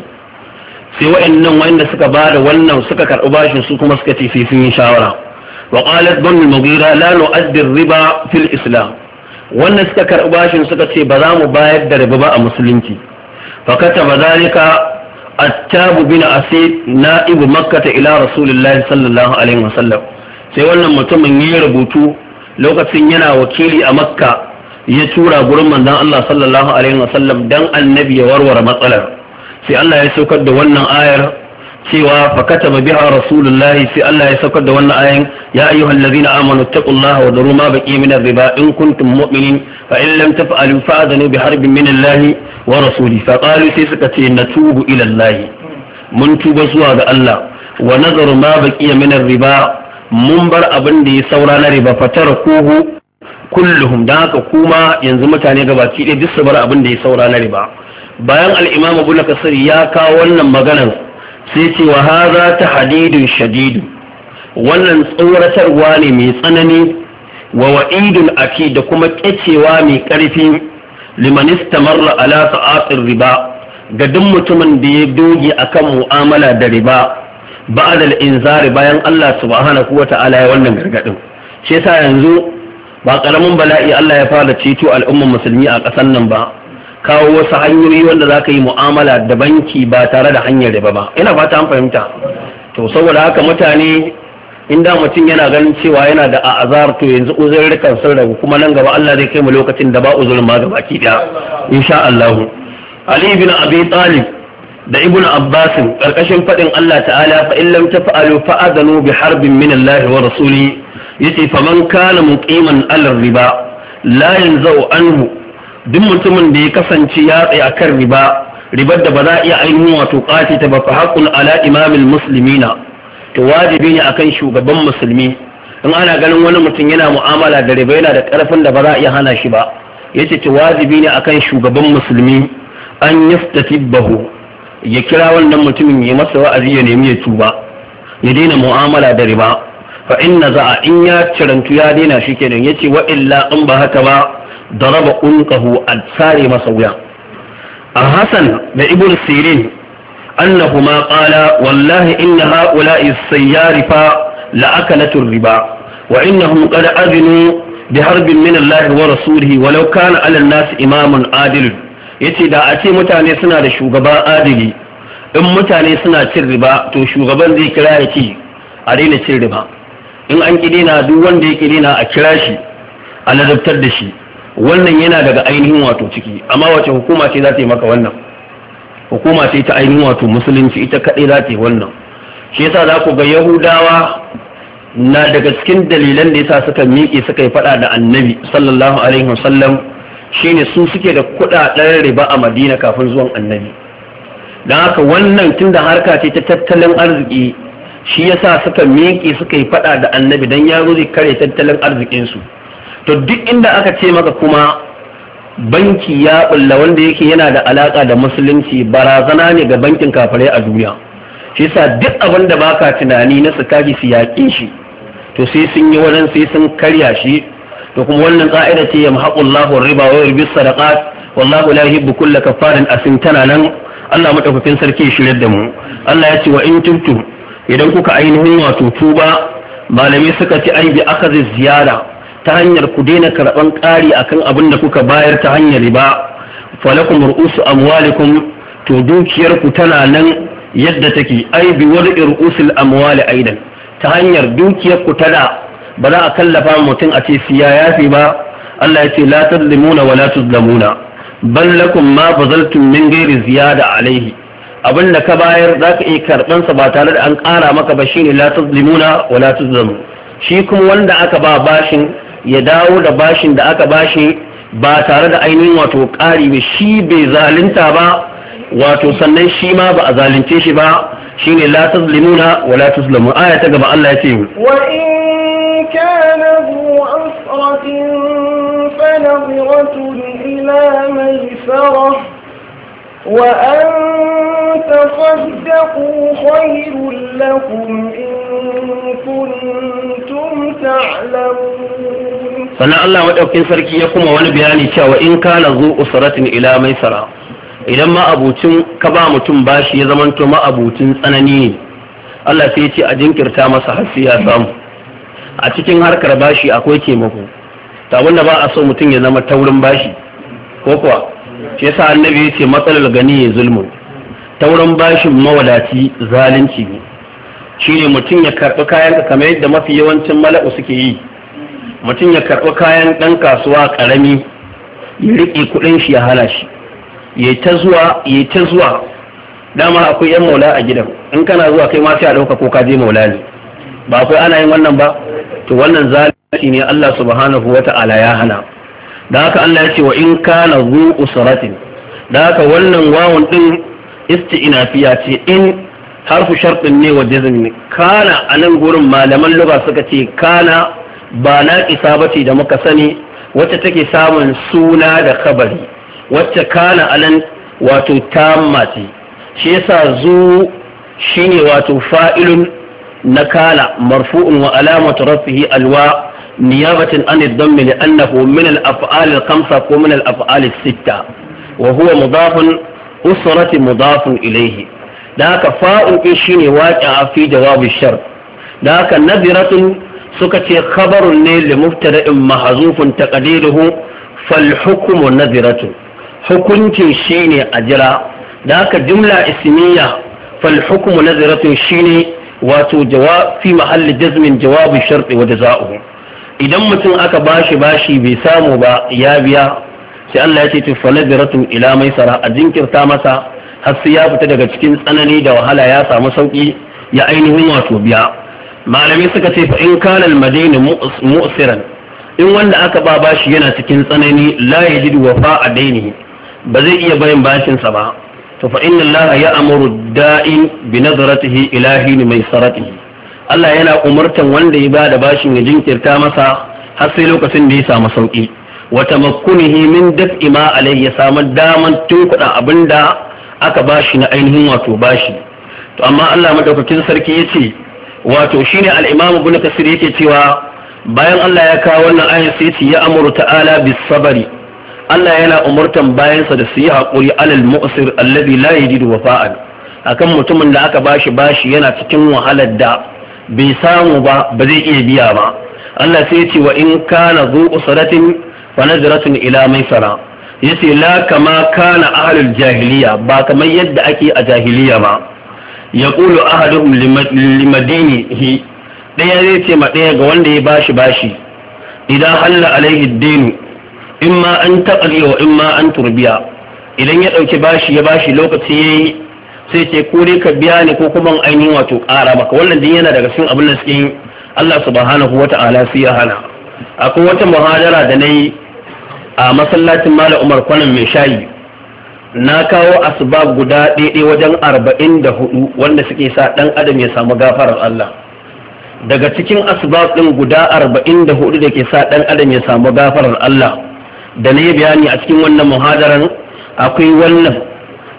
[SPEAKER 1] sai wa'annan wanda suka ba da wannan suka karɓi bashin su kuma suka ce sai sun yi shawara wa qalat banu mughira la nu'addi riba fil islam wannan suka karɓi bashin suka ce ba za mu bayar da riba ba a musulunci fa kataba zalika attab bin asid naibu makkah ila rasulillah sallallahu alaihi wasallam sai wannan mutumin ya rubutu lokacin yana wakili a makka ya tura gurin manzon Allah sallallahu alaihi wasallam dan annabi ya warware matsalar sai Allah ya saukar da wannan ayar cewa fakata ma biha rasulullah sai Allah ya saukar da wannan ayin ya ayyuhal ladina amanu taqullaha wa daru ma baqiya min riba in kuntum mu'minin fa in lam taf'alu fa'adanu bi harbin min Allah wa rasuli fa qalu sai suka ce natubu ila Allah mun tuba zuwa ga Allah wa nazaru ma baqiya min riba mun bar abin da ya saura na riba fatarakuhu kulluhum da haka kuma yanzu mutane gabaki ɗaya duk su bar abin da ya saura na riba bayan al-imam abu kasir ya kawo wannan maganar sai ce wa hadha tahdidun shadidun wannan tsoratarwa ne mai tsanani wa wa'idun aki da kuma kicewa mai karfi liman istamarra ala ta'atir riba ga duk mutumin da ya doge akan mu'amala da riba ba'da al-inzari bayan Allah subhanahu wata'ala ya wannan gargadin sai yanzu ba ƙaramin bala'i Allah ya fara ceto al'ummar musulmi a ƙasar nan ba kawo wasu hanyoyi wanda za ka yi mu'amala da banki ba tare da hanyar riba ba ina fata an fahimta to saboda haka mutane inda mutum yana ganin cewa yana da a'azar to yanzu uzurrukan sun ragu kuma nan gaba Allah zai kai mu lokacin da ba uzurin ma gaba ki da insha Allah Ali ibn Abi Talib da Ibn Abbas karkashin fadin Allah ta'ala fa in lam taf'alu fa bi harbin min Allah wa rasuli yace faman kana muqiman alar riba la yanzu anhu duk mutumin da ya kasance ya tsaya akan riba ribar da ba za a iya ainihin wato kati ta ba fa haqqun ala imamil muslimina to wajibi ne akan shugaban musulmi in ana ganin wani mutum yana mu'amala da riba yana da karfin da ba za a iya hana shi ba yace to wajibi ne akan shugaban musulmi an yastatibahu ya kira wannan mutumin ya masa wa'azi ya nemi ya tuba ya daina mu'amala da riba fa inna za'a in ya cirantu ya daina shi kenan yace wa illa in ba haka ba daraba unqahu al sare masa wuya a hasan da ibn sirin annahuma qala wallahi inna ha'ula'i sayyari fa la'akalatu riba wa innahum qad azinu bi harbin min Allah wa rasulihi walau kana 'ala an-nas imamun adil yace da a ce mutane suna da shugaba adili in mutane suna cin riba to shugaban zai kira ya ce a daina cin riba in an kidina duk wanda ya kidina a kira shi a nazartar da shi wannan yana daga ainihin wato ciki amma wace hukuma ce za ta yi maka wannan hukuma ce ta ainihin wato musulunci ita kaɗai za ta yi wannan shi yasa za ku ga yahudawa na daga cikin dalilan da yasa suka miƙe suka yi faɗa da annabi sallallahu alaihi wasallam shine su suke da kuɗaɗen riba a madina kafin zuwan annabi don haka wannan tunda harka ce ta tattalin arziki shi yasa suka miƙe suka yi faɗa da annabi dan ya zo zai kare tattalin arzikinsu to duk inda aka ce maka kuma banki ya ƙulla wanda yake yana da alaƙa da musulunci barazana ne ga bankin kafirai a duniya shi yasa duk abin da baka tunani na su kaji su yaƙe shi to sai sun yi wajen sai sun karya shi to kuma wannan ƙa'ida ce ya mahaqullahu riba wa yurbi sadaqat wallahu la yuhibbu kulla kafarin asim tana nan Allah madaukakin sarki ya shirye da mu Allah ya ce wa in tubtum idan kuka ainihin wato tuba malami suka ci aibi bi ziyara ta hanyar ku daina karɓan ƙari akan abin da kuka bayar ta hanyar riba falakum ru'usu amwalikum to dukiyar ku tana nan yadda take aibi wani wadi ru'usul amwali aidan ta hanyar dukiyar ku tana ba za a kallafa mutum a ce siya yafi ba Allah ya ce la tadlimuna wa la tuzlamuna bal lakum ma bazaltum min ghairi ziyada alaihi abin da ka bayar za ka iya karɓansa ba tare da an ƙara maka ba shine la tuzlimuna wa la tuzlamu shi kuma wanda aka ba bashin ya dawo da bashin da aka bashi ba tare da ainihin wato ƙari ba shi bai zalunta ba wato sannan shi ma ba a zalunce shi ba shine la tuzlimuna wa la tuzlamu aya ta gaba Allah ya ce wa
[SPEAKER 2] in kana hu asratin fa nadratu ila maisarah وأن تصدقوا خير لكم إن كنتم تعلمون فأنا
[SPEAKER 1] الله ودعوكين سركي يقوم وانا بياني شاو إن كان ذو أسرة إلى ميسرة idan ma'abucin ka ba mutum bashi ya zamanto ma'abucin tsanani ne Allah sai ya ce a jinkirta masa har sai ya samu a cikin harkar bashi akwai taimako ta wanda ba a so mutum ya zama taurin bashi ko kuwa shi yasa annabi ce matsalar gani ya zulmu tauran bashin mawadaci zalunci ne shine mutum ya karɓi kayan kamar yadda mafi yawancin mala'u suke yi mutum ya karɓi kayan ɗan kasuwa ƙarami ya riƙe kuɗin shi ya hana shi ya ta zuwa ya ta zuwa dama akwai yan maula a gidan in kana zuwa kai ma sai a ɗauka ko ka je maula ne ba akwai ana yin wannan ba to wannan zalunci ne Allah subhanahu wata'ala ya hana da haka Allah ya ce wa in kana zu usratin da haka wannan wawan din isti'nafiya ce in harfu shartin ne wa jazm ne kana anan gurin malaman lugha suka ce kana ba na isa bace da muka sani wacce take samun suna da kabari wacce kana anan wato tamma ce shi yasa zu shine wato fa'ilun na kana marfu'un wa alamatu rafihi alwa نيابة عن الضم لأنه من الأفعال الخمسة ومن الأفعال الستة وهو مضاف أسرة مضاف إليه ذاك فاء إشين واقع في جواب الشر ذاك نذرة سكت خبر لمبتدأ محذوف تقديره فالحكم نذرة حكم شيني أجرا ذاك جملة اسمية فالحكم نذرة شيني واتو جواب في محل جزم جواب الشرط وجزاؤه idan mutum aka bashi bashi bai samu ba ya biya sai Allah ya ce to faladiratu ila maisara a jinkirta masa har sai ya fita daga cikin tsanani da wahala ya samu sauki ya ainihin wato biya malamai suka ce fa in kana almadini mu'siran in wanda aka ba bashi yana cikin tsanani la yajidu wafa daini ba zai iya bayan bashin sa ba to fa inna Allah ya amuru da'in bi nadratihi ila hin maisaratihi Allah yana umartan wanda ya ba da bashin ya jinkirta masa har sai lokacin da ya samu sauki wa tamakkunihi min daf'i ma alayhi ya samu daman tunkuɗa abinda aka bashi na ainihin wato bashi to amma Allah madaukakin sarki yace wato shine al-Imam Ibn Kasir yake cewa bayan Allah ya kawo wannan ayar sai ya amuru ta'ala bis sabri Allah yana umurtan bayansa da su yi haƙuri alal mu'sir alladhi la yajidu wafa'an akan mutumin da aka bashi bashi yana cikin wahalar da bai samu ba ba zai iya biya ba Allah sai ce wa in kana zu usratin fa nazratun ila maisara yace la kama kana ahlul jahiliya ba kamar yadda ake a jahiliya ba yaqulu ahaduhum limadinihi daya zai ce ma daya ga wanda ya bashi bashi idan halla alaihi dinu imma an taqli wa imma an turbiya idan ya dauki bashi ya bashi lokaci yayi sai ce ko dai ka biya ni ko kuma ainihin wato ƙara maka wannan din yana daga cikin abin da suke Allah subhanahu wa ta'ala sai ya hana akwai wata muhadara da nayi a masallacin Malam Umar Kwanan mai shayi na kawo asbab guda ɗaiɗai wajen arba'in da hudu wanda suke sa ɗan adam ya samu gafarar Allah daga cikin asbab ɗin guda arba'in da hudu da ke sa ɗan adam ya samu gafarar Allah da na yi bayani a cikin wannan muhadaran akwai wannan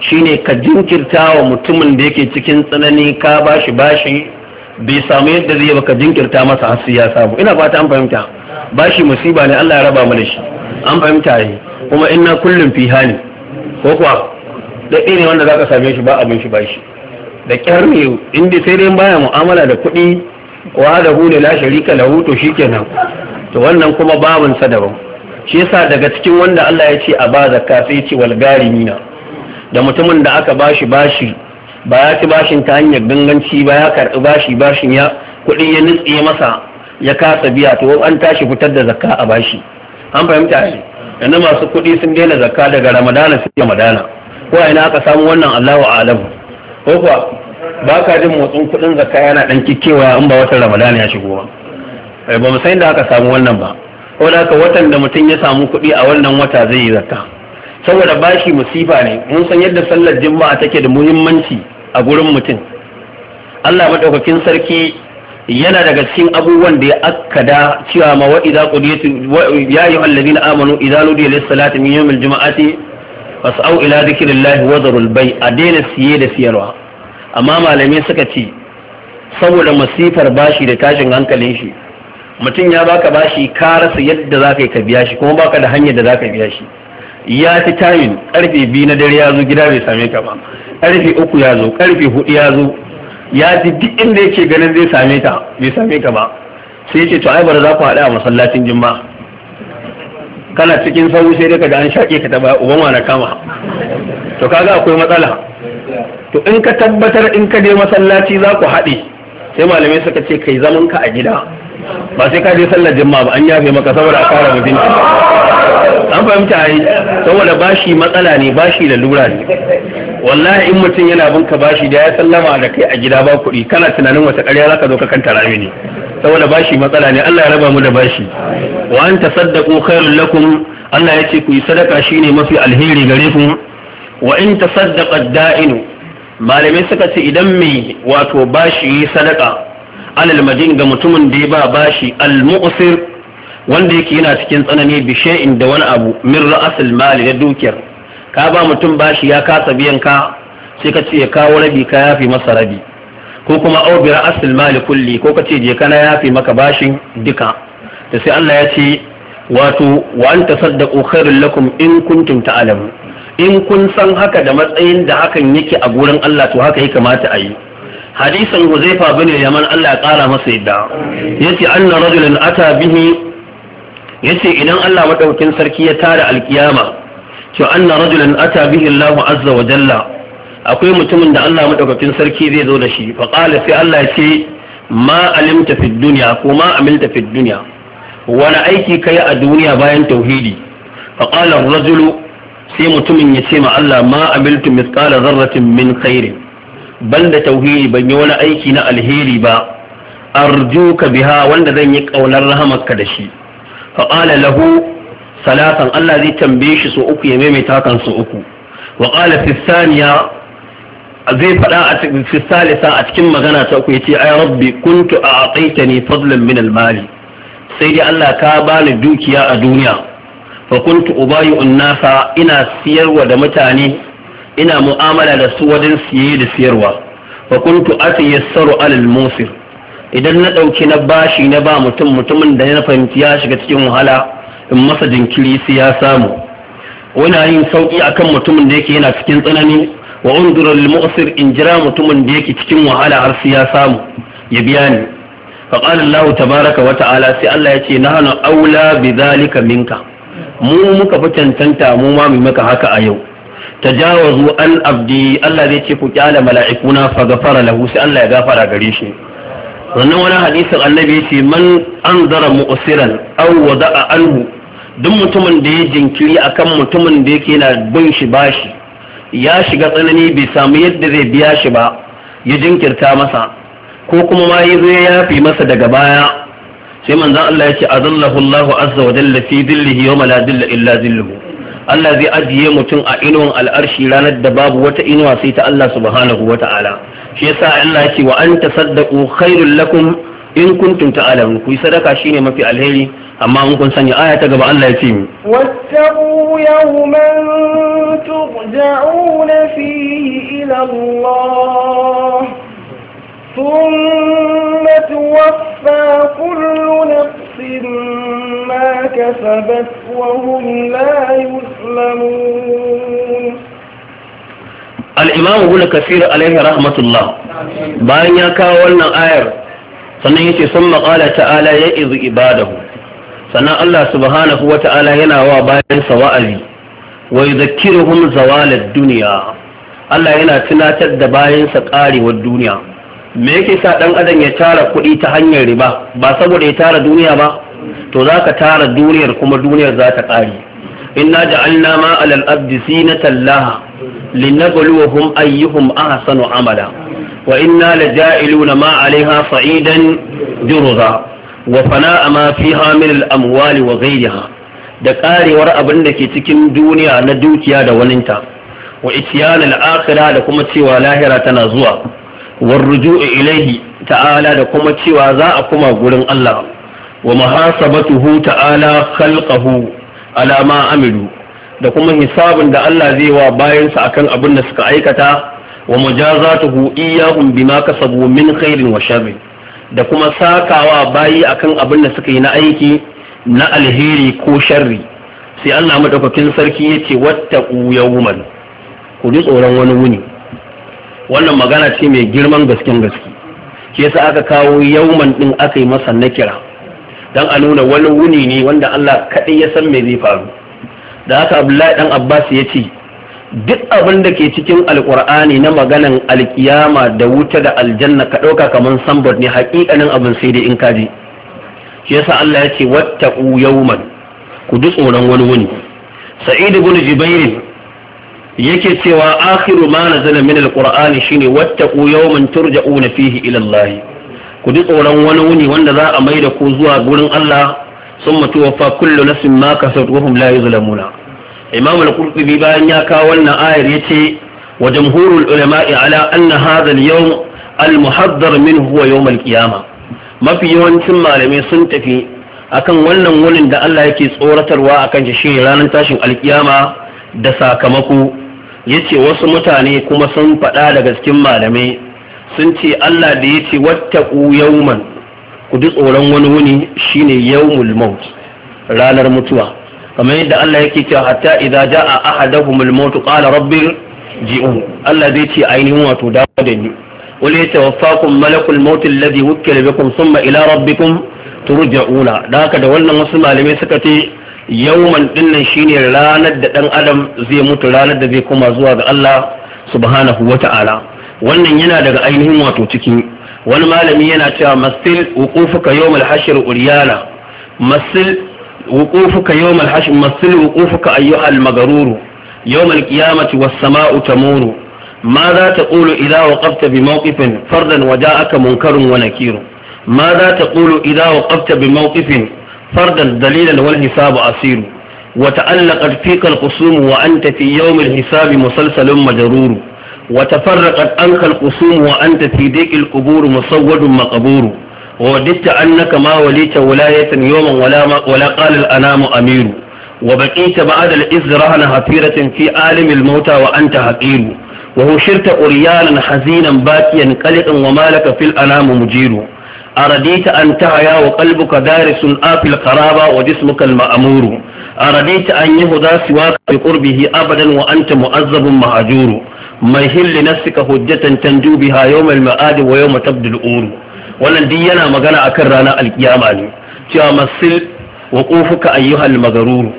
[SPEAKER 1] shine ka jinkirta wa mutumin da yake cikin tsanani ka bashi bashi bai samu yadda zai ba ka jinkirta masa har ya samu ina fata an fahimta bashi musiba ne Allah ya raba mu da shi an fahimta yi kuma inna kullum fi hali ko kuwa da ne wanda zaka same shi ba abin shi bashi da kyar ne inda sai dai baya mu'amala da kuɗi wa da hu la sharika lahu to shikenan to wannan kuma babin sa daban shi yasa daga cikin wanda Allah ya ce a ba zakka sai ce wal garimina da mutumin da aka bashi bashi ba ya ci bashin ta hanyar ganganci ba ya karɓi bashi bashin ya kuɗi ya nutse masa ya kasa biya to an tashi fitar da zakka a bashi an fahimta shi yanzu masu kuɗi sun daina zakka daga ramadana sai ramadana ko a ina aka samu wannan allahu alam? ko kuwa ba ka jin motsin kuɗin zakka yana ɗan kikkewa in ba watan ramadana ya shigo ba eh, ba mu san da aka samu wannan ba ko da watan da mutum ya samu kuɗi a wannan wata zai yi zakka saboda bashi musifa ne mun san yadda sallar juma'a take da muhimmanci a gurin mutum Allah madaukakin sarki yana daga cikin abubuwan da ya akkada cewa ma wa idza qudiyatu ya ayyuha alladhina amanu idza nudiya lis salati min yawmil juma'ati fas'au ila dhikrillahi wa dharul bay' adena siye da siyarwa amma malamai suka ce saboda masifar bashi da tashin hankalin shi mutum ya baka bashi ka rasa yadda zaka yi ka biya shi kuma baka da hanyar da zaka biya shi ya ci tayin karfe biyu na dare ya zo gida bai same ka ba karfe uku ya zo karfe hudu ya zo ya ji duk inda yake ganin zai same ta bai same ka ba sai ce to ai bar za ku haɗu a masallacin jimma kana cikin sauri sai daga da an shaƙe ka taba uban na kama to kaga akwai matsala to in ka tabbatar in ka je masallaci za ku haɗe sai malamai suka ce kai zaman ka a gida ba sai ka je sallar jimma ba an yafe maka saboda a kara mutunci an fahimta ai saboda bashi matsala ne bashi da lura ne wallahi in mutum yana bin ka bashi da ya sallama da kai a gida ba kuɗi kana tunanin wata ƙarya ka zo ka kanta rami ne saboda bashi matsala ne Allah ya raba mu da bashi wa an Saddaƙo khairul lakum Allah ya ce ku yi sadaka shine mafi alheri gare ku wa in tasaddaqa da'inu malamai suka ce idan mai wato bashi sadaka alal madin ga mutumin da ya ba bashi al mu'sir wanda yake yana cikin tsanani bi shay'in da wani abu min ra'asul mali da dukiyar ka ba mutum bashi ya kasa biyan ka sai ka ce ya kawo rabi ka yafi masa rabi ko kuma au bi mali kulli ko ka ce je kana yafi maka bashin duka da sai Allah ya ce wato wa anta saddaqu khairul lakum in kuntum ta'lamun in kun san haka da matsayin da hakan yake a gurin Allah to haka ya kamata a yi hadisin huzaifa bane yaman Allah ya kara masa yadda yace anna rajulan ata bihi yace idan Allah madaukin sarki ya tara alkiyama to anna rajulan ata bihi Allah azza wa jalla akwai mutumin da Allah madaukakin sarki zai zo da shi fa qala sai Allah ya ce ma alimta fi dunya ko ma amilta fi dunya wani aiki kai a duniya bayan tauhidi fa qala ar-rajulu sai mutumin ya ce ma Allah ma amiltu mithqala dharratin min khairin ban da tauhidi ban yi wani aiki na alheri ba arjuka biha wanda zan yi kaunar rahamarka da shi fa qala lahu salatan Allah zai tambaye shi so uku ya maimaita kan so uku wa qala fi thaniya zai faɗa a cikin salisa a cikin magana ta uku yace ay rabbi kuntu a'taytani fadlan min al sai dai Allah ka bani dukiya a duniya fa kuntu ubayu an-nasa ina siyarwa da mutane ina mu'amala da su wajen siye da siyarwa fa kuntu atayassaru alal musir idan na dauki na bashi na ba mutum mutumin da na fahimci ya shiga cikin wahala in masa jinkiri sai ya samu wana yin sauki akan mutumin da yake yana cikin tsanani wa undura lil mu'sir in jira mutumin da yake cikin wahala har sai ya samu ya biya ni fa qala Allah tabaaraka wa ta'ala sai Allah yace hana aula bi minka mu muka fi tantanta mu ma mu maka haka a yau tajawazu an abdi Allah zai ce ku kyala mala'ikuna fa gafara lahu sai Allah ya gafara gare shi wannan wani hadisin annabi yace man anzara mu'siran aw wada'a anhu duk mutumin da ya jinkiri akan mutumin da yake na bin shi bashi ya shiga tsanani bai samu yadda zai biya shi ba ya jinkirta masa ko kuma ma yazo ya yafi masa daga baya sai manzon Allah yace azallahu Allahu azza wa jalla fi dhillihi yawma la dhilla illa dhilluhu Allah zai ajiye mutum a inuwan al'arshi ranar da babu wata inuwa sai ta Allah subhanahu wa ta'ala shi yasa Allah yake wa anta saddaqu khairul lakum in kuntum ta'lamun ku sadaka shine mafi alheri amma mun kun sanya aya ta gaba Allah ya ce mi
[SPEAKER 2] wattaqu yawman turja'una fihi ila Allah ثم توفى كل نفس ما كسبت وهم لا يسلمون
[SPEAKER 1] الإمام ابن كثير عليه رحمة الله bayan ya kawo wannan ayar sannan yace summa qala ta'ala ya'izu ibadahu sannan Allah subhanahu wa ta'ala yana wa bayan sa wa'azi wa yudhakkiruhum zawalad dunya Allah yana tunatar da bayan sa duniya me yake sa dan adam ya tara kuɗi ta hanyar riba ba saboda ya tara duniya ba to za ka tara duniyar kuma duniyar za ta ƙare inna ja'alna ma alal abdi zinatan laha linabluwahum ayyuhum ahsanu amala wa inna laja'iluna ma alaiha sa'idan juruza wa fana'a ma fiha min al-amwali wa ghayriha da karewar abin da ke cikin duniya na dukiya da waninta wa isyana al-akhirah da kuma cewa lahira tana zuwa warruju'u ilaihi ta'ala da kuma cewa za a kuma gurin Allah wa muhasabatuhu ta'ala khalqahu ala ma amilu da kuma hisabin da Allah zai wa bayansa akan abin da suka aikata wa mujazatuhu iyyahum bima kasabu min wa sharri, da kuma sakawa bayi akan abin da suka yi na aiki na alheri ko sharri sai Allah madaukakin sarki yace wattaqu yawman ku ji tsoron wani wuni wannan magana ce mai girman gasken gaske ke sa aka kawo yauman din aka yi masa na kira. Don a nuna wani wuni ne wanda Allah kaɗai ya san me zai faru da haka Abdullahi dan Abbas ya ce duk abin da ke cikin alkur'ani na maganan alkiyama da wuta da aljanna ka ɗauka kamar Sambar ne haƙiƙanin abin sai dai in kaji Ke sa Allah ya ce wattaqu yawman ku ji tsoron wani wuni Sa'idu bin jubair yake cewa akhiru ma nazala min alqur'ani shine wattaqu yawman turja'una fihi ila Allah ku ji tsoron wani wuni wanda za a mai da ku zuwa gurin Allah sun mutu wa fa kullu nafsin ma kasabat wa hum la yuzlamuna imam al-qurtubi bayan ya kawo wannan ayar yace wa jamhurul ulama'i ala anna hadha al-yawm al-muhaddar minhu huwa yawm al mafi yawancin malamai sun tafi akan wannan wunin da Allah yake tsoratarwa akan shi shine ranar tashin alkiyama da sakamako yace wasu mutane kuma sun faɗa daga cikin malamai sun ce Allah da yace wattaqu yawman ku ji tsoron wani wuni shine yawmul maut ranar mutuwa kamar yadda Allah yake cewa hatta idza jaa ahaduhumul maut qala rabbi ji'un Allah zai ce ainihin wato dawo da ni wala yatawaffakum malakul maut alladhi wukkila bikum thumma ila rabbikum turja'una da haka da wannan wasu malamai suka ce yawman dinnan shine ranar da dan adam zai mutu ranar da zai koma zuwa ga Allah subhanahu wata'ala wannan yana daga ainihin wato ciki. wani malami yana cewa masil wuqufuka yawmal hashr uryana masil wuqufuka yawmal hashr masil wuqufuka ayyuhal magaruru yawmal qiyamati was sama'u tamuru ta ماذا تقول إذا وقفت بموقف فردا وجاءك منكر ta ماذا تقول إذا وقفت بموقف فردا دليلا والحساب أسير وتألقت فيك القصوم وأنت في يوم الحساب مسلسل مجرور وتفرقت عنك القصوم وأنت في ديك القبور مصود مقبور ووددت أنك ما وليت ولاية يوما ولا, ولا قال الأنام أمير وبقيت بعد الإذ رهن هفيرة في عالم الموتى وأنت حقير وهشرت أريالا حزينا باكيا قلقا ومالك في الأنام مجير أرديت أن تعيا وقلبك دارس آفي القرابة وجسمك المأمور أرديت أن يهدى سواك بقربه أبدا وأنت مؤذب مهجور ميهل لنفسك حجة تنجو بها يوم المآد ويوم تبدو الأمور wannan duk yana magana akan ranar alkiyama ne ƙofuka masil wa kofuka ayyuhal magaruru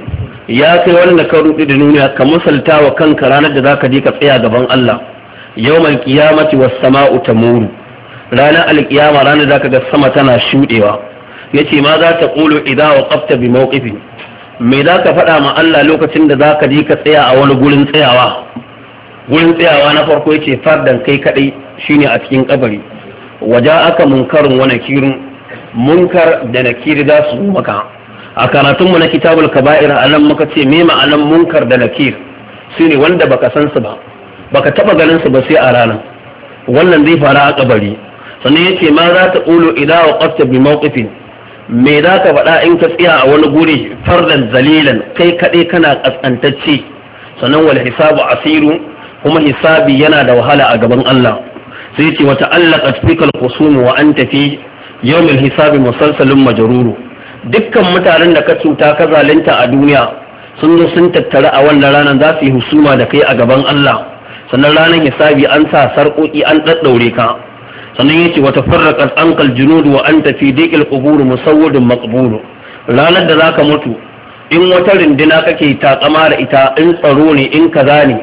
[SPEAKER 1] ya kai wanda ka rubi da nuna ka musalta wa kanka ranar da ka ji ka tsaya gaban Allah yawmal qiyamati was sama'u muru. ranar alkiyama ranar da ga sama tana shudewa yace ma za ta idan wa kafta bi mawqifi me za ka faɗa ma Allah lokacin da za ka je ka tsaya a wani gurin tsayawa gurin tsayawa na farko yace fardan kai kaɗai shine a cikin kabari waja aka munkarin wani kirin munkar da nakiri za su maka a karatunmu na kitabul kaba'ir a nan muka ce me ma'anar munkar da nakir su ne wanda baka san su ba baka taba ganin su ba sai a ranar wannan zai fara a kabari sannan yace ma za ta idan wa waqafta bi mawqifin me za ka faɗa in ka tsaya a wani guri fardan zalilan kai kaɗai kana ƙasƙantacce sannan wal hisabu asiru kuma hisabi yana da wahala a gaban Allah sai ce wata Allah fikal qusum wa anta fi yawmil hisabi musalsalun majruru dukkan mutanen da ka cuta ka zalunta a duniya sun zo sun tattara a wannan ranar za su yi husuma da kai a gaban Allah sannan ranar hisabi an sa sarƙoƙi an ɗaɗɗaure ka sannan yace wa tafarraqat ankal junud wa anta fi diqil qubur musawwadun maqbul ranar da zaka mutu in wata rindina kake takama da ita in tsaro ne in kaza ne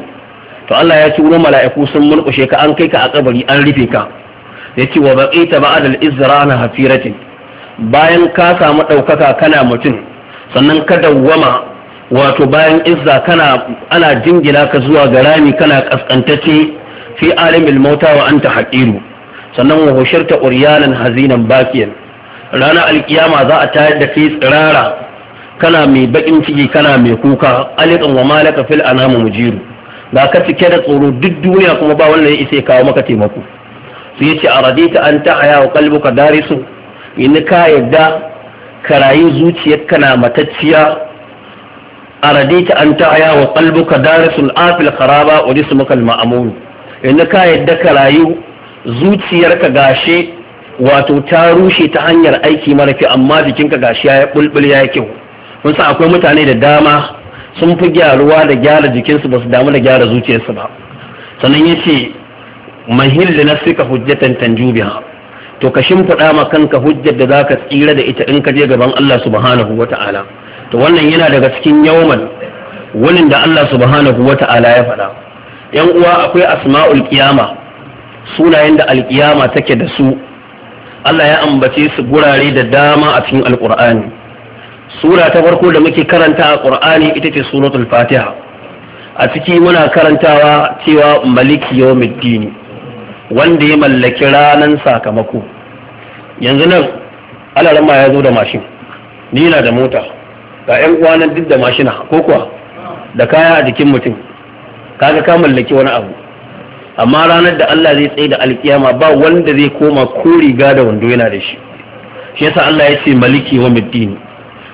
[SPEAKER 1] to Allah ya turo mala'iku sun mulkushe ka an kai ka a kabari an rufe ka yace wa baqita ba'da al-izrana hafiratin bayan ka samu daukaka kana mutum sannan ka dawwama wato bayan izza kana ana jingila ka zuwa ga rami kana kaskantacce fi alimil mauta wa anta haqiru sannan wa hushirta uryanan hazinan bakiyan ranar alkiyama za a tayar da kai tsirara kana mai bakin ciki kana mai kuka alikan wa malaka fil anamu mujiru ga ka cike da tsoro duk duniya kuma ba wannan ya isa ya kawo maka taimako su ce a radita an ta haya wa kalbuka darisu in ka yadda ka rayu zuciyarka na matacciya a radita an ta haya wa kalbuka darisul afil kharaba wa jismuka al ma'amuru in ka yadda ka rayu zuciyarka gashe wato ta rushe ta hanyar aiki mara kyau amma jikinka gashi ya bulbul ya kyau mun san akwai mutane da dama sun fi gyaruwa da gyara jikinsu ba su damu da gyara zuciyarsu ba sannan ya ce mahil da nasika hujjatan tanjubi ha, to ka shimfiɗa ma kanka hujjar da zaka tsira da ita in ka je gaban Allah subhanahu wata'ala to wannan yana daga cikin yawman wani da Allah subhanahu wata'ala ya faɗa yan uwa akwai asma'ul qiyama sunayen da alkiyama take da su Allah ya ambace su gurare da dama a cikin alkur'ani sura ta farko da muke karanta a ƙur'ani ita ce suratul fatiha a ciki muna karantawa cewa maliki yawmiddini wanda ya mallaki ranan sakamako yanzu nan alarama ya zo da mashin ni na da mota ga yan uwanan duk da mashina ko kuwa da kaya a jikin mutum kaga ka mallaki wani abu amma ranar da Allah zai tsaye da alkiyama ba wanda zai koma ko riga da wando yana da shi shi yasa Allah ya ce maliki wa middini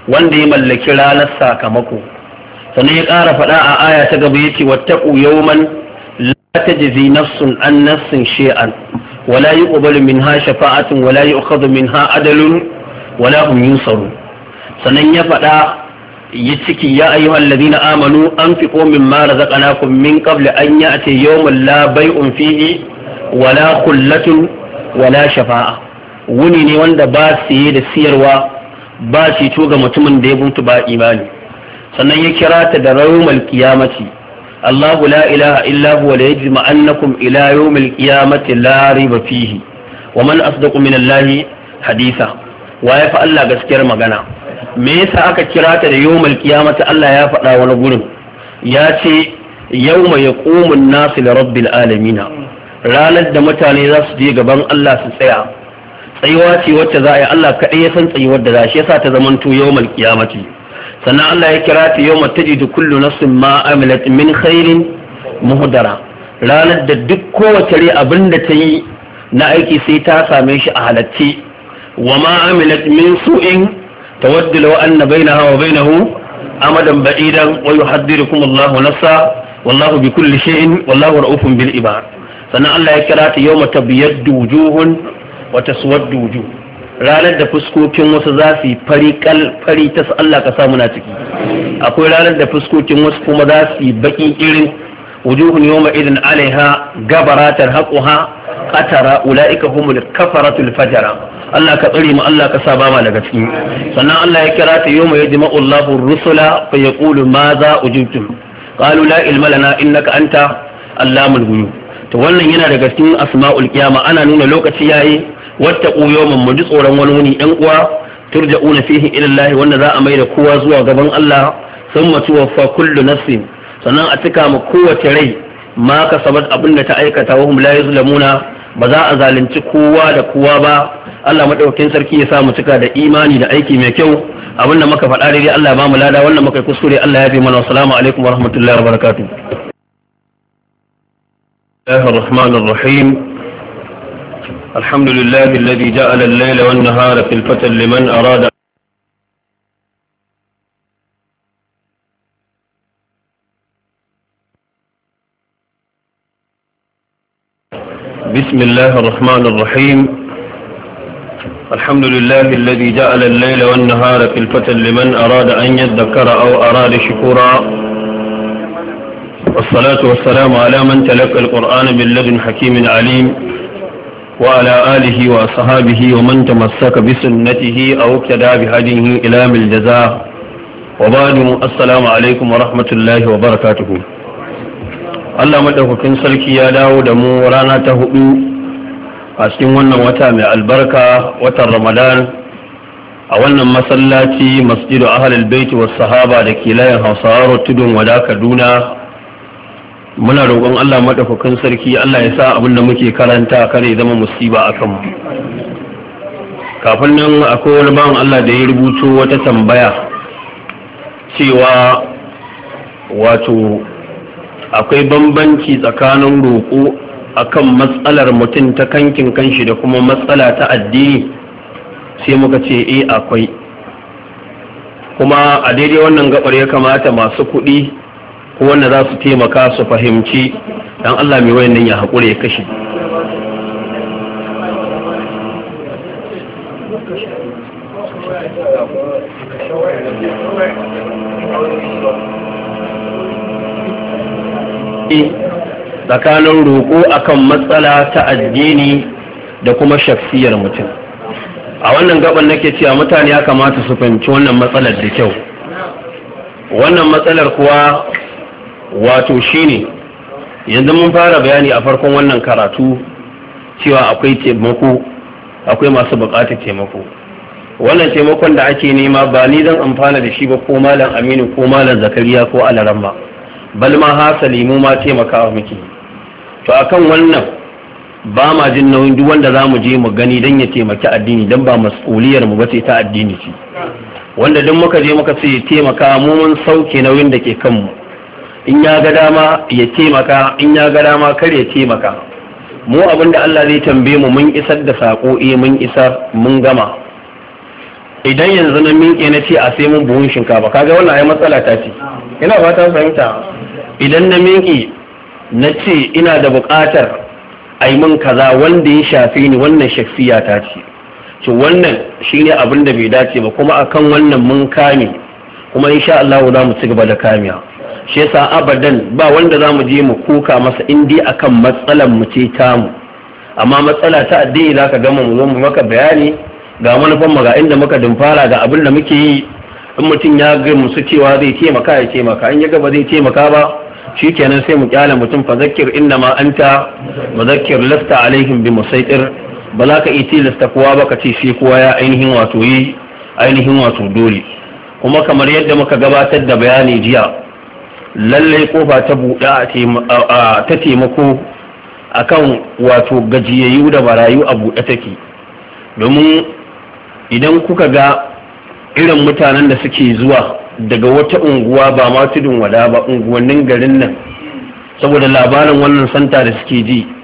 [SPEAKER 1] wanda ya mallaki ranar sakamako sannan ya ƙara faɗa a aya ta gaba yace wattaqu yawman la tajzi nafsun an nafsin shay'an wala yuqbalu minha shafa'atun wala yu'khadhu minha adalun wala hum yunsarun sannan ya faɗa yi ciki ya ayyuhal ladina amanu an fi anfiqu mimma razaqnakum min qabli an ya'ti yawmun la bay'un fihi wala khullatun wala shafa'a wuni ne wanda ba siye da siyarwa ba shi to ga mutumin da ya mutu ba imani sannan ya kira ta da yawmal qiyamati Allahu la ilaha illa huwa la yajma annakum ila yawmil qiyamati la riba fihi wa man asdaqu min Allahi haditha wa ya fa Allah gaskiyar magana me yasa aka kira ta da yawmal qiyamati Allah ya faɗa wani gurin ya ce yawma yaqumu an-nasu li rabbil alamina. ranar da mutane za su je gaban Allah su tsaya tsayuwa ce wacce za a yi Allah kaɗai ya san tsayuwar da za shi yasa ta zamanto yawmal qiyamati sannan Allah ya kira ta yawma tajidu kullu nafsin ma amilat min khairin muhdara ranar da duk kowace rai abin da ta yi na aiki sai ta same shi a halarci. wa ma amilat min su'in tawaddu law anna bainaha wa bainahu amadan ba'idan wa yuhaddirukum Allahu nafsa wallahu bi kulli shay'in wallahu ra'ufun bil ibad sannan Allah ya kira ta yawma tabyaddu wujuhun wa taswaddu wujuh ranar da fuskokin wasu za su yi fari kal Allah ka samu na ciki akwai ranar da fuskokin wasu kuma za su yi baki irin wujuhun yawma idin alaiha gabara tarhaquha qatara ulaika humul kafaratul fajara Allah ka tsare mu Allah ka sa ba ma daga ciki sannan Allah ya kira ta yawma yajma'u Allahu rusula fa yaqulu ma za ujibtum qalu la ilma lana innaka anta allamul ghuyub to wannan yana daga cikin asma'ul qiyama ana nuna lokacin yayi wattaqu yawman mu ji tsoron wani wuni ɗan uwa turja'una fihi ila Allah wanda za a mai da kowa zuwa gaban Allah thumma tuwaffa kullu nafsin sannan a cika ma kowace rai ma ka sabat abin da ta aikata wa hum la yuzlamuna ba za a zalunci kowa da kowa ba Allah madaukakin sarki ya sa mu cika da imani da aiki mai kyau abin da muka faɗa daidai Allah ya ba mu lada wannan muka kuskure Allah ya bi mana assalamu alaikum wa rahmatullahi wa barakatuh الله الحمد لله الذي جعل الليل والنهار في لمن أراد بسم الله الرحمن الرحيم الحمد لله الذي جعل الليل والنهار خلفة لمن أراد أن يذكر أو أراد شكورا والصلاة والسلام على من تلقى القرآن من لدن حكيم عليم وعلى آله وأصحابه ومن تمسك بسنته أو اقتدى بهديه إلى الجزاء وبعد السلام عليكم ورحمة الله وبركاته Allah maɗaukakin sarki ya dawo da mu rana ta hudu a cikin wannan wata mai albarka watan Ramadan a wannan masallaci masjidu ahlul bait was sahaba da ke layin Hausawa tudun wada Kaduna muna roƙon Allah madaukakin sarki Allah ya sa abin da muke karanta kare zama musiba akanmu mu kafin nan akwai wani bawan Allah da ya rubuto wata tambaya cewa wato akwai bambanci tsakanin roƙo kan matsalar mutum ta kankin kanshi da kuma matsala ta addini sai muka ce e akwai kuma a daidai wannan gabar ya kamata masu kuɗi ko wanda za su taimaka su fahimci don Allah mai nan ya haƙura ya kashe rarrabe tsakanin roƙo akan matsala ta addini da kuma shafsiyar mutum a wannan gaban nake cewa mutane ya kamata su fahimci wannan matsalar da kyau wannan matsalar kuwa wato shine yanzu mun fara bayani a farkon wannan karatu cewa akwai taimako akwai masu buƙatar taimako wannan taimakon da ake nema ba ni zan amfana da shi ba ko malam aminu ko malam zakariya ko alaramma bal ma hasali mu ma taimakawa muke to akan wannan ba ma jin nauyin duk wanda za mu je mu gani don ya taimaki addini don ba mas'uliyar mu ba ce ta addini ce wanda duk muka je muka ce taimaka mu mun sauke nauyin da ke kanmu in ya ga dama ya taimaka in ya ga dama kar ya taimaka mu abin Allah zai tambaye mu mun isar da sako eh mun isar mun gama idan yanzu na minke na ce a sai mun buhun shinkafa kaga wannan ai matsala ta ce ina fata fahimta idan na minki na ce ina da buƙatar a min kaza wanda ya shafe ni wannan shafiya ta ce to wannan shi ne abin da bai dace ba kuma akan wannan mun kame kuma insha Allah za mu ci gaba da kamiya shi yasa abadan ba wanda za mu je mu kuka masa indi akan matsalan mu ce ta mu. amma matsala ta addini za ka gama mu zo mu maka bayani ga manufan mu ga inda muka dumfara ga abin da muke yi in mutum ya ga musu cewa zai taimaka ya taimaka in ya gaba zai taimaka ba shikenan sai mu kyala mutum fa zakkir inna ma anta muzakkir lasta alaihim bi musaitir ba za ka iti lasta kowa ba ka ce shi kowa ya ainihin wato yi ainihin wato dole kuma kamar yadda muka gabatar da bayani jiya lallai kofa ta buɗe ta taimako akan wato gajiyayyu da barayu a buɗe take domin idan kuka ga irin mutanen da suke zuwa daga wata unguwa ba ma tudun wada ba unguwannin garin nan saboda labarin wannan santa da suke ji